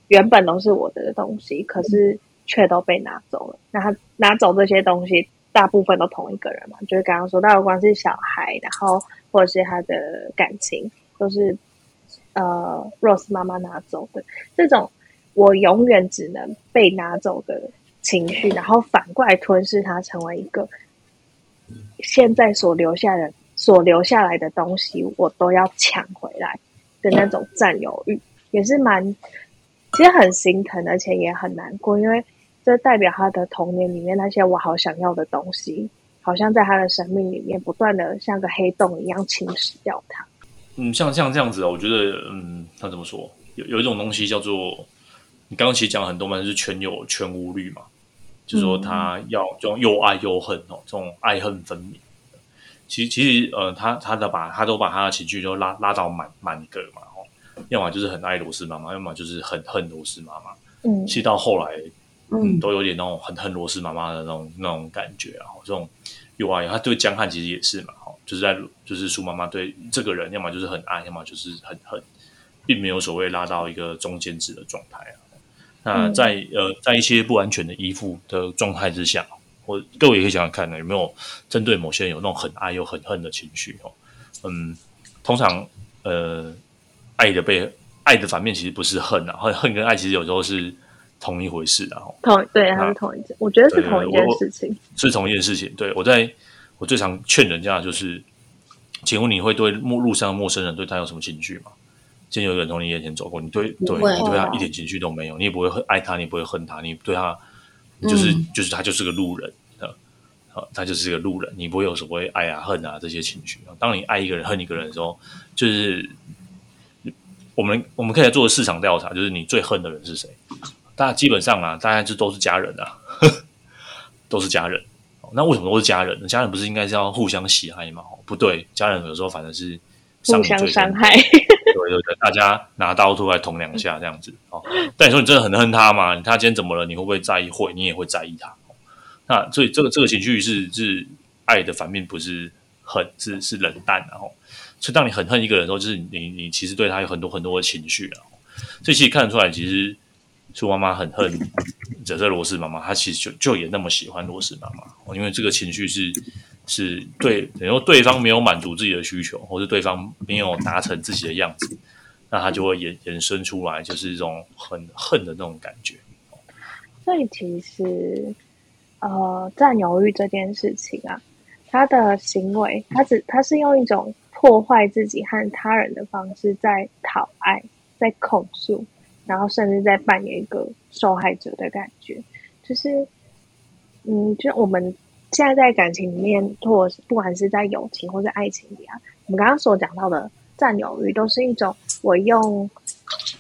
原本都是我的東西，嗯、可是。卻都被拿走了。那他拿走這些東西，大部分都同一個人嘛，就是剛剛說到，不管是小孩，然後或者是他的感情，都是呃 Rose 媽媽拿走的。這種我永遠只能被拿走的情緒，然後反過來吞噬他，成為一個現在所留下的，所留下來的東西，我都要搶回來的那種佔有慾，也是蠻其實很心疼，而且也很難過，因為。這代表他的童年裡面那些我好想要的東西，好像在他的生命裡面不斷的像個黑洞一樣侵蝕掉他。嗯，像像這樣子、哦、我覺得，嗯，他怎麼說？有有一種東西叫做，你剛剛其實講很多嘛，就是全有全無律嘛，就是說他要這種、嗯、又愛又恨哦，這種愛恨分明。其實其實，呃，他他的把他都把他的情緒就拉拉到滿滿格嘛，哦，要麼就是很愛羅斯媽媽，要麼就是很恨羅斯媽媽。嗯，其實到後來。嗯，都有點那種很恨羅斯媽媽的那種那種感覺啊，這種有啊有，他對江翰其實也是嘛，就是在就是蘇媽媽對這個人，要麼就是很愛，要麼就是很恨，並沒有所謂拉到一個中間值的狀態啊。那在、嗯、呃在一些不安全的依附的狀態之下，我各位也可以想想看呢，有沒有針對某些人有那種很愛又很恨的情緒哦？嗯，通常呃愛的被愛的反面其實不是恨吶、啊，恨恨跟愛其實有時候是。同一回事的、啊、同對、啊，那還是同一件，我覺得是同一件事情，對對對，是同一件事情。對，我在我最常勸人家就是，請問你會對陌路上陌生人對他有什麼情緒嗎？今天有一個人從你眼前走過，你對對，會你對他一點情緒都沒有，啊，你也不會愛他，你不會恨他，你對他你就是，嗯，就是他就是個路人，他就是個路人，你不會有什麼愛啊恨啊這些情緒。當你愛一個人恨一個人的時候，就是我們我們可以來做市場調查，就是你最恨的人是誰？大家基本上啊，大家就都是家人啊呵呵，都是家人。那為什麼都是家人？家人不是應該是要互相喜愛嗎？不對，家人有時候反正是互相傷害。對對對， 大家拿刀出來捅兩下這樣子哦。但你說你真的很恨他嗎？他今天怎麼了？你會不會在意？會，你也會在意他。那所以這個這個情緒是是愛的反面，不是恨，是是冷淡啊，然後所以當你很恨一個人的時候，就是你你其實對他有很多很多的情緒啊。所以其實看得出來，其實。嗯蘇媽媽很恨紫色羅氏媽媽，她其實就就也那麼喜歡羅氏媽媽，因為這個情緒是是對，等於對方沒有滿足自己的需求，或是對方沒有達成自己的樣子，那他就會延延伸出來，就是一種很恨的那種感覺。所以其實，呃，占有欲這件事情啊，他的行為，他只他是用一種破壞自己和他人的方式，在討愛，在控訴。然後甚至在扮演一個受害者的感覺，就是，嗯，就我們現在在感情裡面，或不管是在友情或者愛情裡啊，我們剛剛所講到的占有欲，都是一種我用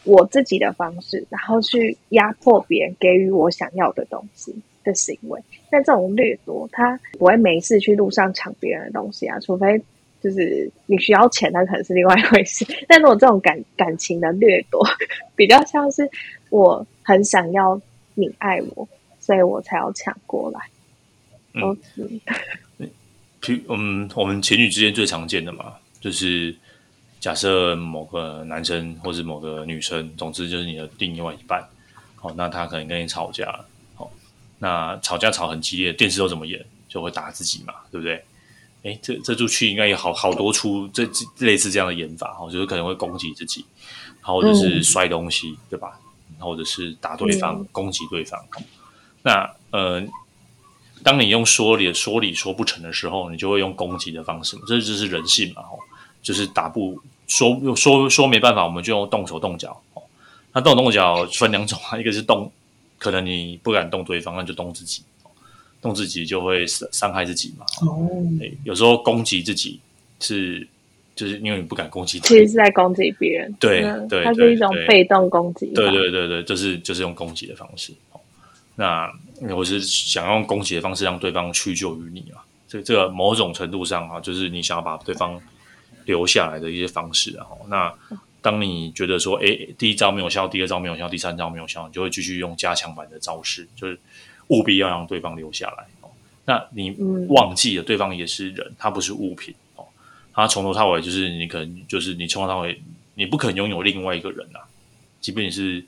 我自己的方式，然後去壓迫別人，給予我想要的東西的行為。但這種掠奪，他不會每一次去路上搶別人的東西啊，除非。就是你需要錢，那可能是另外一回事。但如果這種感感情的掠奪，比較像是我很想要你愛我，所以我才要搶過來。嗯，嗯， 比如，嗯。我們情侶之間最常見的嘛，就是假設某個男生或者某個女生，總之就是你的另外一半，哦，那他可能跟你吵架，哦，那吵架吵很激烈，電視都怎麼演，就會打自己嘛，對不對？哎，這這出戲應該有好好多出這類似這樣的演法哦，就是可能會攻擊自己，然後就是摔東西，嗯、對吧？然後就是打對方，攻擊對方。嗯哦、那呃，當你用說理說理說不成的時候，你就會用攻擊的方式，這就是人性嘛，哦，就是打不說說說沒辦法，我們就用動手動腳哦。那動手動腳分兩種啊，一個是動，可能你不敢動對方，那就動自己。動自己就會傷傷害自己嘛、嗯欸。有時候攻擊自己是，就是因為你不敢攻擊，其實是在攻擊別人。對對，嗯、它是一種被動攻擊。對，對對對對，就是就是用攻擊的方式。那我是想要用攻擊的方式讓對方屈就於你嘛。嗯、這這個某種程度上啊，就是你想要把對方留下來的一些方式、啊嗯、那當你覺得說，哎、欸，第一招沒有效，第二招沒有效，第三招沒有效，你就會繼續用加強版的招式，就是。務必要讓對方留下來、哦、那你忘記了，對方也是人，嗯、他不是物品、哦、他從頭到尾就是你，可能就是你從頭到尾你不肯擁有另外一個人啊。即便你是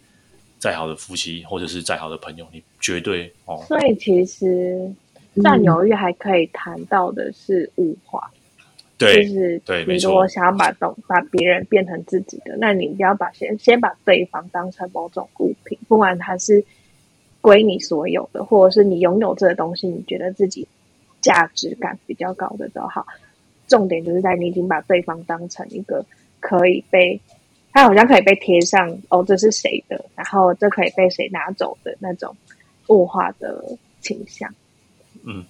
再好的夫妻，或者是再好的朋友，你絕對哦。所以其實佔、嗯、有欲還可以談到的是物化，對，就是對，比如說我想要把東把別人變成自己的，那你一定要把先先把對方當成某種物品，不管他是。歸你所有的，或者是你擁有這個東西，你覺得自己價值感比較高的都好。重點就是在你已經把對方當成一個可以被他好像可以被貼上哦，這是誰的，然後這可以被誰拿走的那種物化的傾向。嗯，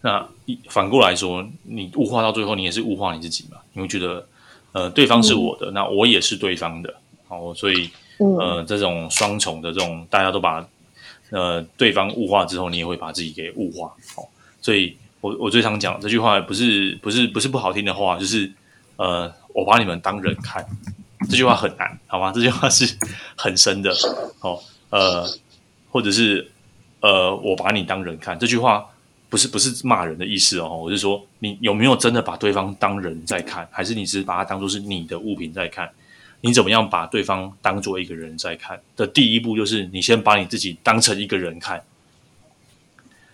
那反過來說，你物化到最後，你也是物化你自己嘛。你會覺得呃，對方是我的，嗯、那我也是對方的。好，所以呃，嗯、這種雙重的這種，大家都把。呃，對方物化之後，你也會把自己給物化，好、哦，所以我我最常講這句話不，不是不是不是不好聽的話，就是呃，我把你們當人看，這句話很難，好嗎？這句話是很深的，好、哦，呃，或者是呃，我把你當人看，這句話不是不是罵人的意思哦，我是說你有沒有真的把對方當人在看，還是你是把它當做是你的物品在看？你怎麼樣把對方當做一個人在看的第一步，就是你先把你自己當成一個人看。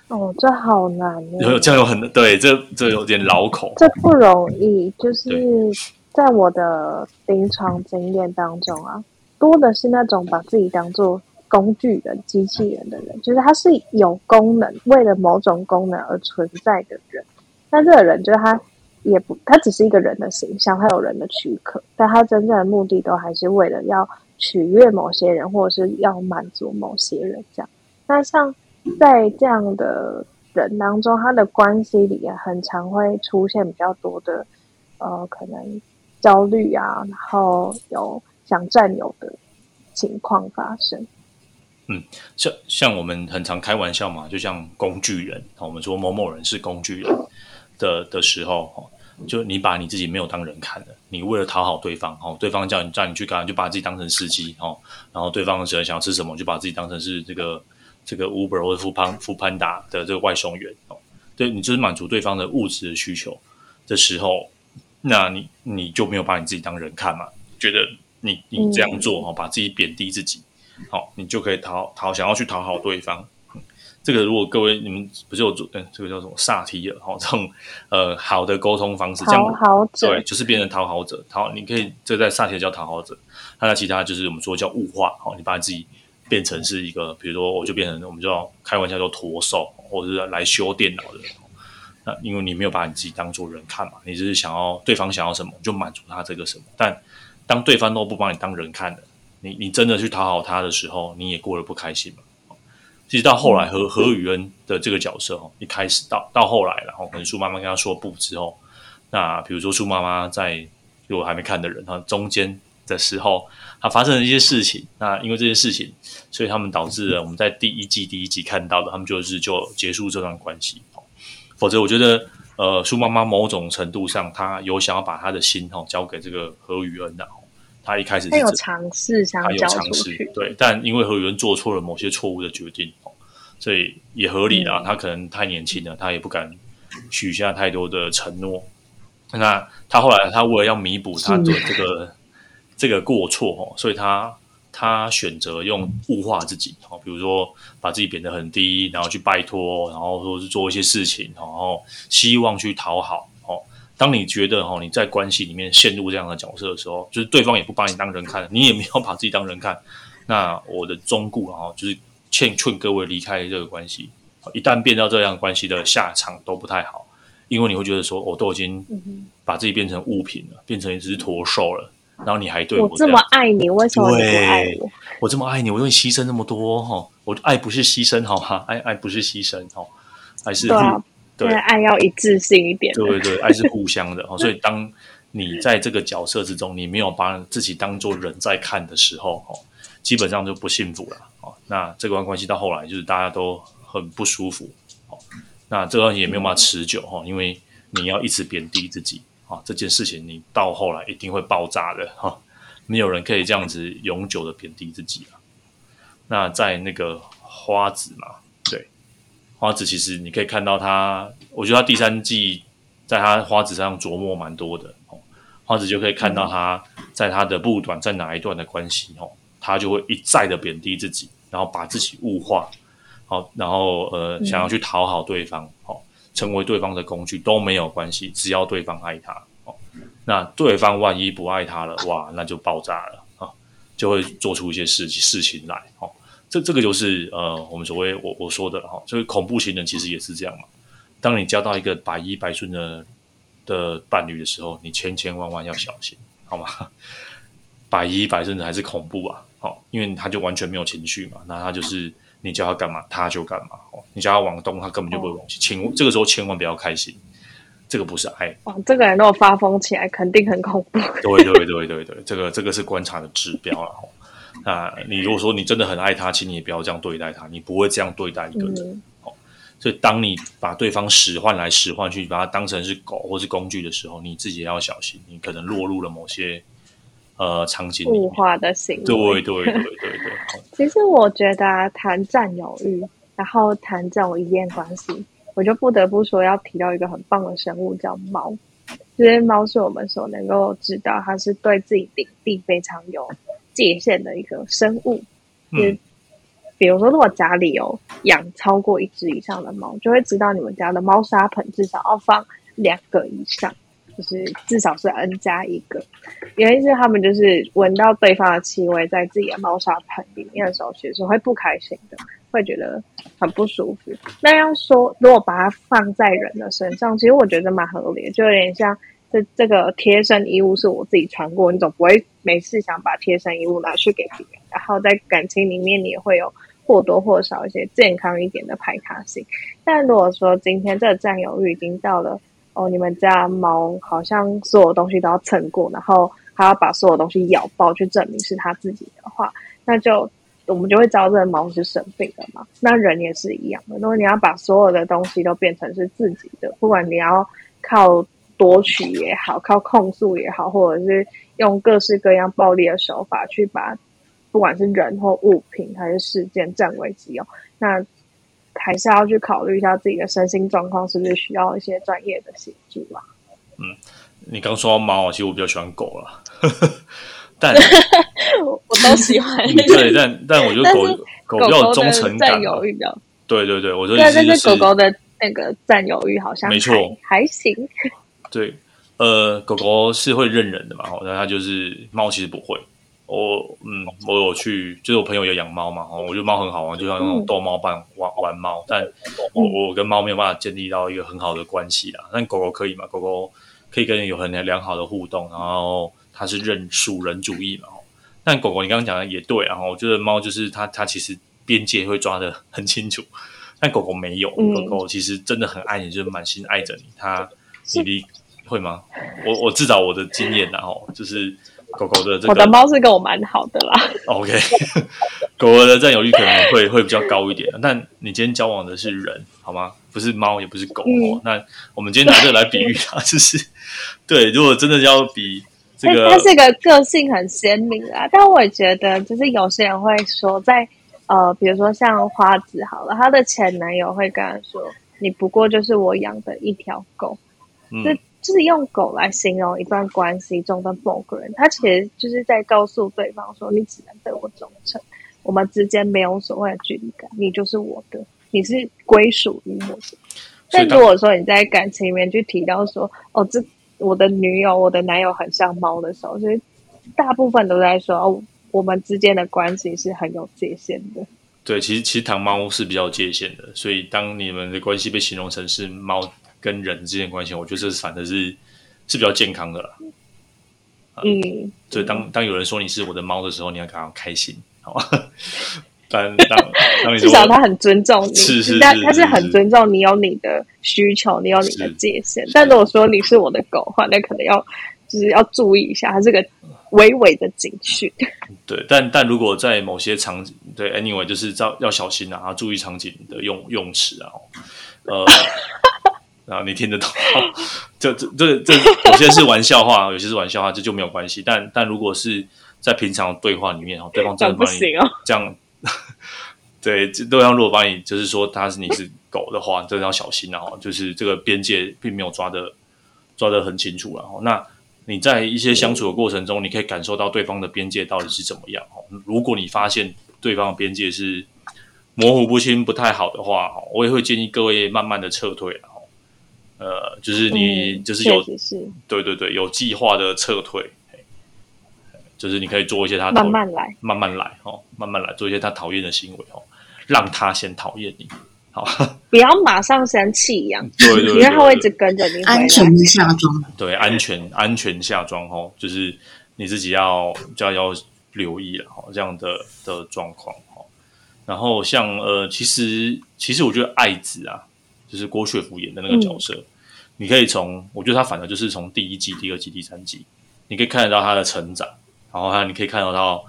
哦，這好難。有這樣，有很多對，這這有點拗口。這不容易，就是在我的臨床經驗當中啊，對多的是那種把自己當做工具的機器人的人，就是他是有功能，為了某種功能而存在的人。但這個人就是他。也不，他只是一個人的形象，他有人的軀殼，但他真正的目的都還是為了要取悅某些人，或者是要滿足某些人這樣。那像在這樣的人當中，他的關係裡面很常會出現比較多的，呃，可能焦慮啊，然後有想占有的情況發生。嗯，像像我們很常開玩笑嘛，就像工具人，我們說某某人是工具人，的的時候，就你把你自己沒有當人看的，你為了討好對方，哦，對方叫你叫你去幹，就把自己當成司機，哦，然後對方的時候想要吃什麼，就把自己當成是這個這個 Uber 或者富潘富潘達的這個外送員，哦，對你就是滿足對方的物質的需求的時候，那你你就沒有把你自己當人看嘛？覺得你你這樣做，哦，把自己貶低自己，好、嗯，你就可以討討想要去討好對方。這個如果各位你們不是有做，哎，這個叫什麼薩提爾，好、哦、這種呃好的溝通方式，這樣討好者，對，就是變成討好者。好，你可以這個、在薩提爾叫討好者，那在其他就是我們說叫物化，好、哦，你把你自己變成是一個，比如說我就變成我們叫開玩笑叫駝獸，或者是來修電腦的人，哦，那因為你沒有把你自己當做人看嘛，你只是想要對方想要什麼就滿足他這個什麼，但當對方都不把你當人看的，你你真的去討好他的時候，你也過得不開心嘛。其實到後來，和何予恩的這個角色哦，一開始到到後來，然後可能蘇媽媽跟他說不之後，那比如說蘇媽媽在就還沒看的人哈中間的時候，它發生了一些事情。那因為這些事情，所以他們導致了我們在第一季第一集看到的，他們就是就結束這段關係哦。否則，我覺得呃，蘇媽媽某種程度上，他有想要把他的心哦交給這個何予恩的哦，他一開始是有嘗試想要交有嘗試對，但因為何予恩做錯了某些錯誤的決定。所以也合理啊，他可能太年輕了，他也不敢許下太多的承諾。那他後來，他為了要彌補他的這個的這個過錯哦，所以他他選擇用物化自己哦，比如說把自己貶得很低，然後去拜托，然後說是做一些事情，然後希望去討好哦。當你覺得哦，你在關係裡面陷入這樣的角色的時候，就是對方也不把你當人看，你也沒有把自己當人看。那我的忠告啊，就是。勸勸各位離開這個關係，一旦變到這樣的關係的下場都不太好，因為你會覺得說，我都已經把自己變成物品了，變成一只駝獸了，然後你還對我這麼愛你，為什麼你愛我？我這麼愛你，我願意犧牲那麼多我愛不是犧牲好嗎？愛不是犧牲好嗎？愛不是犧牲哦、喔，還是對愛要一致性一點，對對對，愛是互相的哦，所以當你在這個角色之中，你沒有把自己當作人在看的時候哦。基本上就不幸福了啊！那這段關係到後來就是大家都很不舒服哦。那這個東西也沒有辦法持久哈，因為你要一直貶低自己啊，這件事情你到後來一定會爆炸的哈。沒有人可以這樣子永久的貶低自己啊。那在那個花子嘛，對，花子其實你可以看到他，我覺得他第三季在他花子上琢磨蠻多的哦。花子就可以看到他在他的不短在哪一段的關係哦。他就會一再的貶低自己，然後把自己物化，好，然後呃想要去討好對方，好，成為對方的工具都沒有關係，只要對方愛他，哦，那對方萬一不愛他了，哇，那就爆炸了啊，就會做出一些事事情來，哦，這這個就是呃我們所謂我我說的哈，所以恐怖情人其實也是這樣嘛。當你交到一個百依百順的的伴侶的時候，你千千萬萬要小心，好嗎？百依百順的還是恐怖啊。哦，因為他就完全沒有情緒嘛，那他就是你叫他幹嘛他就幹嘛哦。你叫他往東，他根本就不會往西。請、哦、這個時候千萬不要開心，這個不是愛。哇，這個人如果發瘋起來，肯定很恐怖。對對對對對，這個這個是觀察的指標了哦。 那你如果說你真的很愛他，請你也不要這樣對待他，你不會這樣對待一個人。嗯、哦，所以當你把對方使喚來使喚去，把他當成是狗或是工具的時候，你自己也要小心，你可能落入了某些。呃，場景物化的行為，對對對對對，對。 其實我覺得談、啊、佔有慾，然後談這種依戀關係，我就不得不說要提到一個很棒的生物，叫貓。因為貓是我們所能夠知道，它是對自己領地非常有界限的一個生物。嗯就是，比如說，如果家裡有養超過一隻以上的貓，就會知道你們家的貓砂盆至少要放兩個以上。就是至少是 n 加一個，原因是他們就是聞到對方的氣味在自己的貓砂盆裡面的時候，其實會不開心的，會覺得很不舒服。那要說如果把它放在人的身上，其實我覺得蠻合理的，就有點像這這個貼身衣物是我自己穿過，你總不會每次想把貼身衣物拿去給別人。然後在感情裡面，你也會有或多或少一些健康一點的排他性。但如果說今天這個佔有慾已經到了。哦，你們家貓好像所有東西都要蹭過，然後還要把所有東西咬爆去證明是它自己的話，那就我們就會知道這個貓是生病的嘛。那人也是一樣的，如果你要把所有的東西都變成是自己的，不管你要靠奪取也好，靠控訴也好，或者是用各式各樣暴力的手法去把不管是人或物品還是事件占為己有，那。還是要去考慮一下自己的身心狀況，是不是需要一些專業的協助啊？嗯，你剛說到貓，其實我比較喜歡狗了，但 我都喜歡。嗯、對，但但我覺得狗是狗比較忠誠感，佔有慾比較。對對對，我覺得其實狗狗的那個佔有慾好像沒錯，還行。對，呃，狗狗是會認人的嘛？然後它就是貓，其實不會。我嗯，我有去，就是我朋友有養貓嘛。哦，我覺得貓很好玩，就像那種逗貓棒玩玩貓，嗯、但我我跟貓沒有辦法建立到一個很好的關係啊。但狗狗可以嘛？狗狗可以跟人有很良好的互動，然後它是認主人主義嘛。但狗狗，你剛剛講的也對，啊，然後我覺得貓就是它，它其實邊界會抓得很清楚，但狗狗沒有，狗狗其實真的很愛你，就是滿心愛着你。它，你你會嗎？我我至少我的經驗然後就是。狗狗的、這個、我的貓是跟我蠻好的啦。OK，狗狗的佔有慾可能會會比較高一點。 但你今天交往的是人好嗎？不是貓，也不是狗，嗯哦。那我們今天拿這個來比喻它，對 就是對。如果真的要比這個，它是個個性很鮮明啊。但我也覺得，就是有些人會說在，在呃，比如說像花子好了，她的前男友會跟她說：“你不過就是我養的一條狗。”嗯。就是用狗來形容一段關係中的某個人，他其實就是在告訴對方說：“你只能對我忠誠，我們之間沒有所謂的距離感，你就是我的，你是歸屬於我的。”所以但如果說你在感情裡面去提到說：“哦，這我的女友、我的男友很像貓的時候”，所以大部分都在說：“哦，我們之間的關係是很有界限的。”對，其實其實，貓是比較界限的，所以當你們的關係被形容成是貓。跟人之間關係，我覺得這是反正是，是比較健康的。嗯，所以、嗯、當當有人說你是我的貓的時候，你要感到開心，好吧？但當當 至少他很尊重你，他他是很尊重你有你的需求，是是你有你的界限。是是，但如果我說你是我的狗的話，那可能要就是要注意一下，它是個微微的情緒。對，但但如果在某些場景，對，anyway，就是要要小心啊，要注意場景的用用詞啊，呃。 啊，你聽得懂？這、 這、這、這有些是玩笑話，有些是玩笑話，這就沒有關係。但但如果是在平常對話裡面，哦，對方真的把你這樣，啊、 對，這對方如果把你就是說他是你是狗的話，真的要小心了、啊、哦。就是這個邊界並沒有抓的抓得很清楚了、啊、哦。那你在一些相處的過程中，你可以感受到對方的邊界到底是怎麼樣哦。如果你發現對方的邊界是模糊不清、不太好的話，我也會建議各位慢慢的撤退、啊呃，就是你，嗯、就是有，是對對對，有計劃的撤退，就是你可以做一些他慢慢來，慢慢來哦，慢慢來做一些他討厭的行為哦，讓他先討厭你，好，不要馬上生氣一樣，對因為他會一直跟着你安安，安全下莊，對，安全安全下莊哦，就是你自己要就要留意了哈、哦，這樣的的狀況、哦、然後像呃，其實其實我覺得愛子啊，就是郭雪芙演的那個角色。嗯你可以從，我覺得他反而就是從第一季、第二季、第三季，你可以看得到他的成長，然後他你可以看得到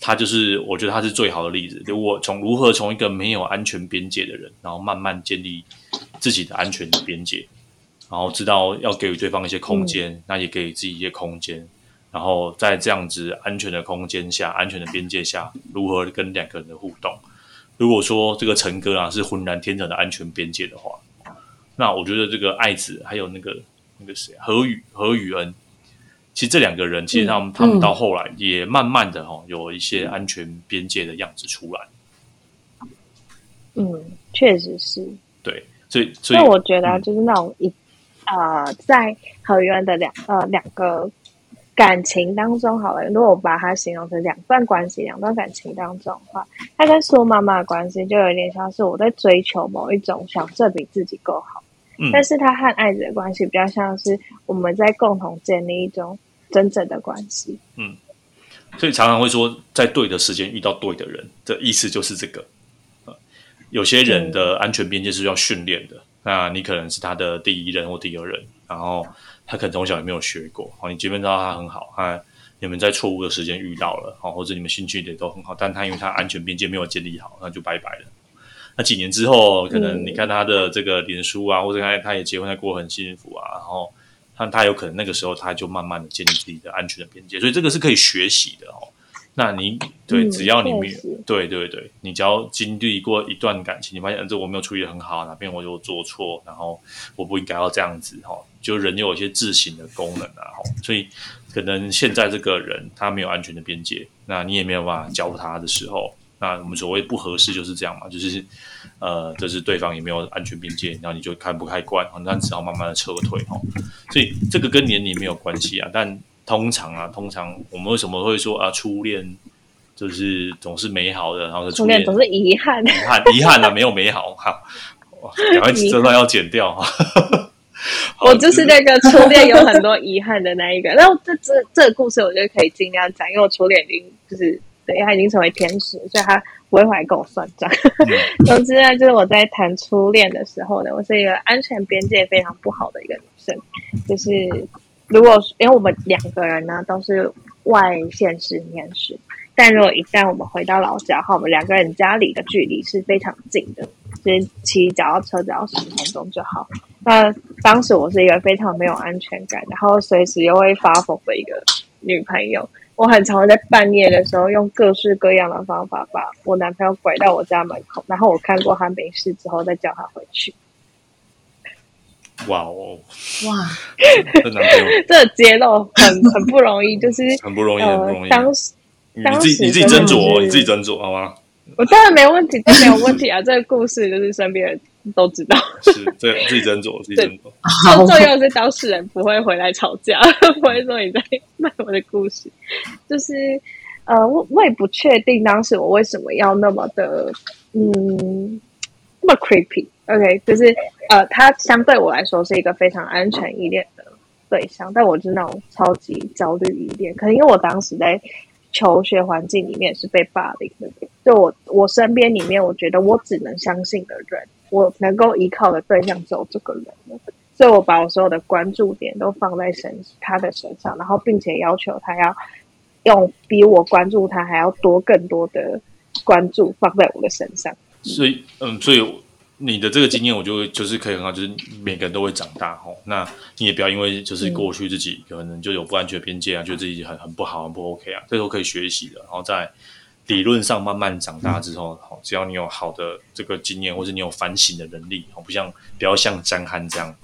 他就是，我覺得他是最好的例子。就我從如何從一個沒有安全邊界的人，然後慢慢建立自己的安全的邊界，然後知道要給予對方一些空間，嗯、那也給予自己一些空間，然後在這樣子安全的空間下、安全的邊界下，如何跟兩個人的互動。如果說這個陳哥啊是渾然天成的安全邊界的話。那我覺得這個愛子，還有那個那個誰何予何予恩，其實這兩個人，其實他們他們到後來也慢慢的、哦嗯、有一些安全邊界的樣子出來。嗯，確實是。對，所以所以我覺得就是那種一啊、嗯呃，在何予恩的兩呃兩個感情當中，好了，如果我把它形容成兩段關係、兩段感情當中的話，他跟蘇媽媽的關係就有點像是我在追求某一種，想證明自己夠好。但是他和愛子的關係比較像是我們在共同建立一種真正的關係。嗯，所以常常會說在對的時間遇到對的人，的意思就是這個。有些人的安全邊界是要訓練的，嗯、那你可能是他的第一任或第二任，然後他可能從小也沒有學過。好，你即便知道他很好，他你們在錯誤的時間遇到了，好，或者你們興趣點都很好，但他因為他安全邊界沒有建立好，那就拜拜了。那幾年之後，可能你看他的這個臉書啊，嗯、或者他他也結婚，他過得很幸福啊。然後他他有可能那個時候他就慢慢的建立自己的安全的邊界，所以這個是可以學習的哦。那你對，嗯、只要你沒有實對對對，你只要經歷過一段感情，你發現這我沒有處理得很好，哪邊我又做錯，然後我不應該要這樣子哦。就人有一些自省的功能啊，所以可能現在這個人他沒有安全的邊界，那你也沒有辦法教他的時候。那我們所謂不合適就是這樣嘛，就是，呃，這、就是對方也沒有安全邊界，然後你就開不開關，那只好慢慢的撤退，所以這個跟年齡沒有關係啊，但通常啊，通常我們為什麼會說啊，初戀就是總是美好的，然後是初戀總是遺憾，遺憾、啊，遺憾了沒有美好，好、 啊，趕快這段要剪掉哈。憾 好我就是那個初戀有很多遺憾的那一個，那 這這這個故事我覺得可以儘量講，因為我初戀已經就是。對，他已經成為天使，所以他不會回來跟我算賬。 總之呢，就是我在談初戀的時候呢，我是一個安全邊界非常不好的一個女生。就是如果因為我們兩個人呢都是外縣市面試，但如果一旦我們回到老家後，我們兩個人家裡的距離是非常近的，就是騎腳踏車只要十分鐘就好。那當時我是一個非常沒有安全感，然後隨時又會發瘋的一個女朋友。我很常在半夜的時候用各式各樣的方法把我男朋友拐到我家門口，然後我看過他沒事之後再叫他回去。哇哦！哇，這男朋這節奏很很不容易，就是很不容易，很不容易。當時，你自己你自己斟酌，你自己斟酌好嗎？我當然沒問題，這沒有問題啊！ 是這個故事就是身邊人都知道。 是，自自己斟酌，自己斟酌。對好重要的是當事人不會回來吵架， 不會說你在賣我的故事。就是，呃，我我也不確定當時我為什麼要那麼的，嗯，那麼 creepy。OK，就是，呃，他相對我來說是一個非常安全依戀的對象，但我是那種超級焦慮依戀。可能因為我當時在求學環境裡面是被霸凌的，就我我身邊裡面，我覺得我只能相信的人。我能夠依靠的對象只有這個人，所以我把我所有的關注點都放在身他的身上，然後並且要求他要用比我關注他還要多更多的關注放在我的身上。嗯、所以，嗯，所以你的這個經驗，我就會就是可以很好，對就是每個人都會長大哦。那你也不要因為就是過去自己可能就有不安全邊界啊，覺得、嗯、自己很很不好，很不 OK 啊，這個可以學習的，然後再。理論上慢慢長大之後，只要你有好的這個經驗，或者你有反省的能力，不像不要像江翰這樣，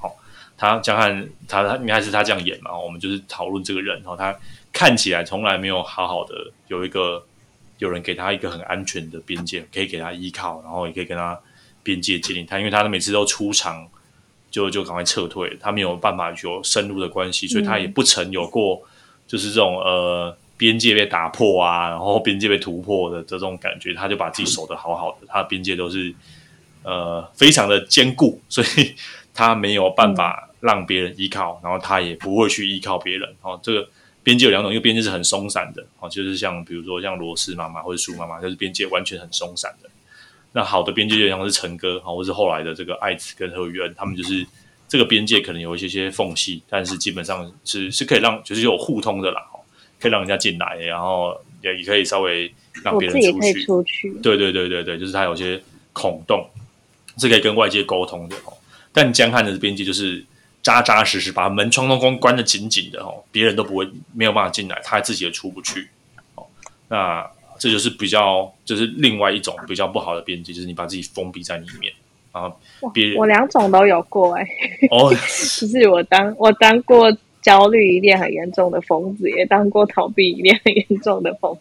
他江翰他他，應該是他這樣演嘛，我們就是討論這個人，好，他看起來從來沒有好好的有一個有人給他一個很安全的邊界，可以給他依靠，然後也可以跟他邊界建立他。他因為他每次都出場就就趕快撤退，他沒有辦法有深入的關係，所以他也不曾有過就是這種、嗯、呃。邊界被打破啊，然後邊界被突破的這種感覺，他就把自己守得好好的，嗯、他的邊界都是呃非常的堅固，所以他沒有辦法讓別人依靠，嗯、然後他也不會去依靠別人。哦，這個邊界有兩種，一個邊界是很鬆散的，哦，就是像比如說像羅絲媽媽或者蘇媽媽，就是邊界完全很鬆散的。那好的邊界就像是陳哥啊，或者是後來的這個愛子跟何予恩，他們就是這個邊界可能有一些些縫隙，但是基本上是是可以讓就是有互通的啦。可以讓人家進來，然後也也可以稍微讓別人出去。對對對對對，就是它有些孔洞是可以跟外界溝通的。但江漢的邊界就是扎扎實實把門窗都關關得緊緊的哦，別人都不會沒有辦法進來，他自己也出不去。那這就是比較就是另外一種比較不好的邊界，就是你把自己封閉在裡面，然後別人我兩種都有過哎、欸，哦，就 是我當我當過。焦慮一點很嚴重的瘋子也當過逃避一點很嚴重的瘋子。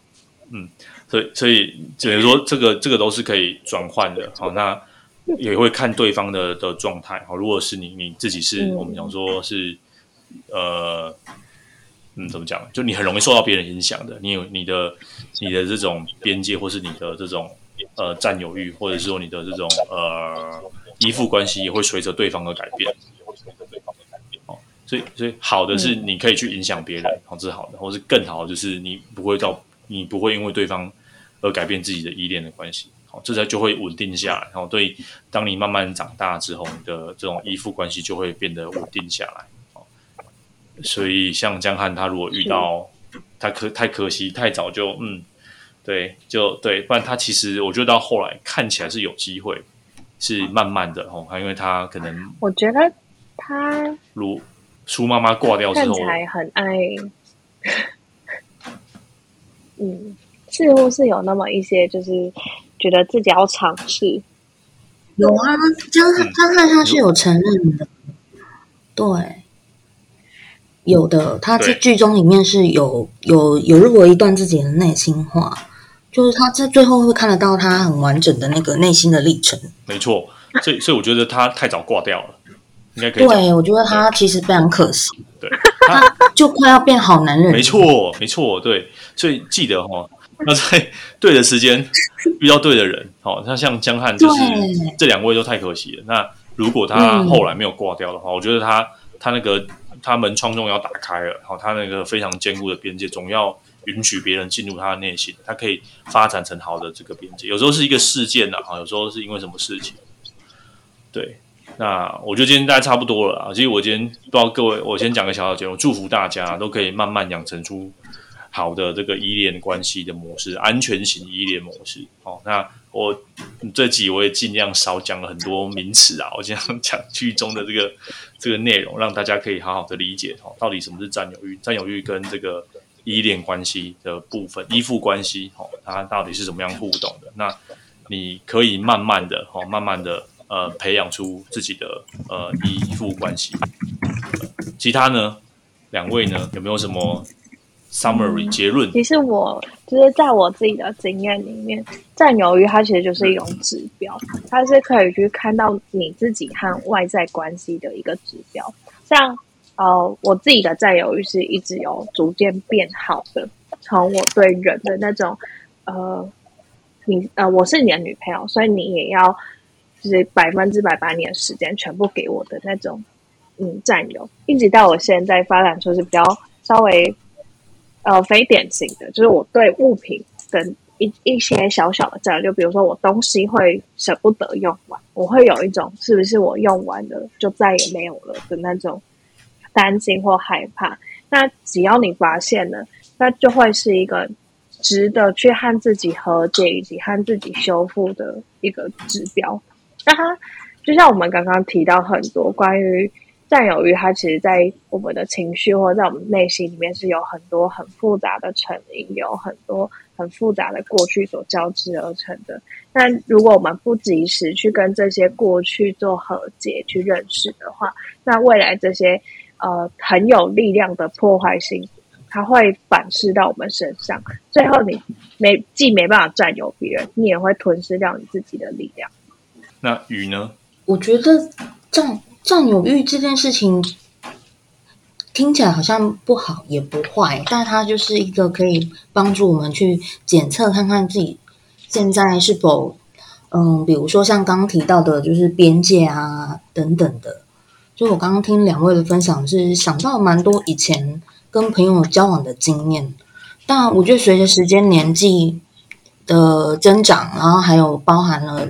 嗯，所以所以只能說這個這個都是可以轉換的。好對、哦，那也會看對方的的狀態。好、哦，如果是你你自己是、嗯、我們講說是呃，嗯，怎麼講？就你很容易受到別人影響的。你有你的你的這種邊界，或是你的這種呃占有欲，或者是說你的這種呃依附關係，也會隨着對方而改變。所以，所以好的是，你可以去影響別人，嗯、哦，這是好的，或是更好，就是你不會到，你不會因為對方而改變自己的依戀的關係，好、哦，這才就會穩定下來。然後，哦，對，當你慢慢長大之後，你的這種依附關係就會變得穩定下來，哦。所以，像江翰他如果遇到是他可太可惜，太早就嗯，對，就對，不然他其實我覺得到後來看起來是有機會，是慢慢的哦，他因為他可能我覺得他如。蘇媽媽掛掉之後，看起來很愛，嗯，似乎是有那麼一些，就是覺得自己要嘗試。有啊，江翰，嗯，江翰他，他，他是有承認的，嗯、對，有的他在劇中裡面是有有有錄過一段自己的內心話，就是他在最後會看得到他很完整的那個內心的歷程。沒錯，所以所以我覺得他太早掛掉了。應該可以對，我覺得他其實非常可惜，對，他 就快要變好男人了。沒錯，沒錯，對，所以記得哈、哦，那在對的時間遇到對的人。好、哦，那像江翰就是對這兩位都太可惜了。那如果他後來沒有掛掉的話，嗯、我覺得他他那個他門窗終要打開了，好、哦，他那個非常堅固的邊界總要允許別人進入他的內心，他可以發展成好的這個邊界。有時候是一個事件的啊、哦，有時候是因為什麼事情，對。那我覺得今天大概差不多了啊。其實我今天不知道各位，我先講個小小結。我祝福大家都可以慢慢養成出好的這個依戀關係的模式，安全型依戀模式。哦，那我這集我也盡量少講了很多名詞啊。我盡量講劇中的這個這個內容，讓大家可以好好的理解哦，到底什麼是佔有欲？佔有欲跟這個依戀關係的部分、依附關係，哦，它到底是怎麼樣互動的？那你可以慢慢的，哦，慢慢的。呃，培養出自己的呃依附關係。呃，其他呢？兩位呢？有沒有什麼 summary 結論？嗯，其實我就是在我自己的經驗裡面，佔有慾它其實就是一種指標，它是可以去看到你自己和外在關係的一個指標。像呃，我自己的佔有慾是一直有逐漸變好的，從我對人的那種呃，你呃，我是你的女朋友，所以你也要。就是百分之百把你的時間全部給我的那種，嗯，佔有，一直到我現在發展出是比較稍微呃非典型的，就是我對物品的一一些小小的佔有，就比如說我東西會捨不得用完，我會有一種是不是我用完了就再也沒有了的那種擔心或害怕。那只要你發現了，那就會是一個值得去和自己和解以及和自己修復的一個指標。那他，就像我們剛剛提到很多關於占有慾，它其實在我們的情緒或者在我們內心裡面是有很多很複雜的成因，有很多很複雜的過去所交織而成的。那如果我們不及時去跟這些過去做和解、去認識的話，那未來這些呃很有力量的破壞性，它會反噬到我們身上。最後，你沒既沒辦法占有別人，你也會吞噬掉你自己的力量。那雨呢？我覺得占佔有慾這件事情聽起來好像不好也不壞，但它就是一個可以幫助我們去檢測看看自己現在是否，嗯，比如說像剛剛提到的，就是邊界啊等等的。就我剛剛聽兩位的分享，是想到蠻多以前跟朋友交往的經驗，但我覺得隨着時間年紀的增長，然後還有包含了。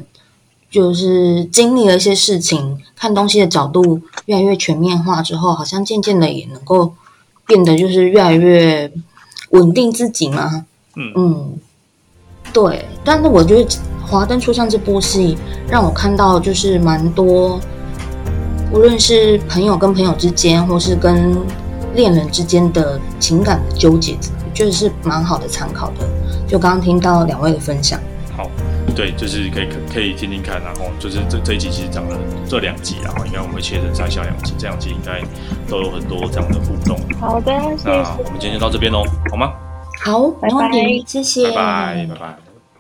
就是經歷了一些事情，看東西的角度越來越全面化之後，好像漸漸的也能夠變得就是越來越穩定自己嘛。嗯，嗯，對。但是我覺得《華燈初上》這部戲讓我看到就是蠻多，無論是朋友跟朋友之間，或是跟戀人之間的情感的糾結，就是蠻好的參考的。就剛剛聽到兩位的分享。對，就是可以可以可以聽聽看，然後就是這這一集其實講了這兩集啊，然後應該我們會切成上下兩集，這兩集應該都有很多這樣的互動。好的，謝謝，那我們今天就到這邊嘍，好嗎？好，拜拜，沒問題，謝謝，拜拜，拜拜。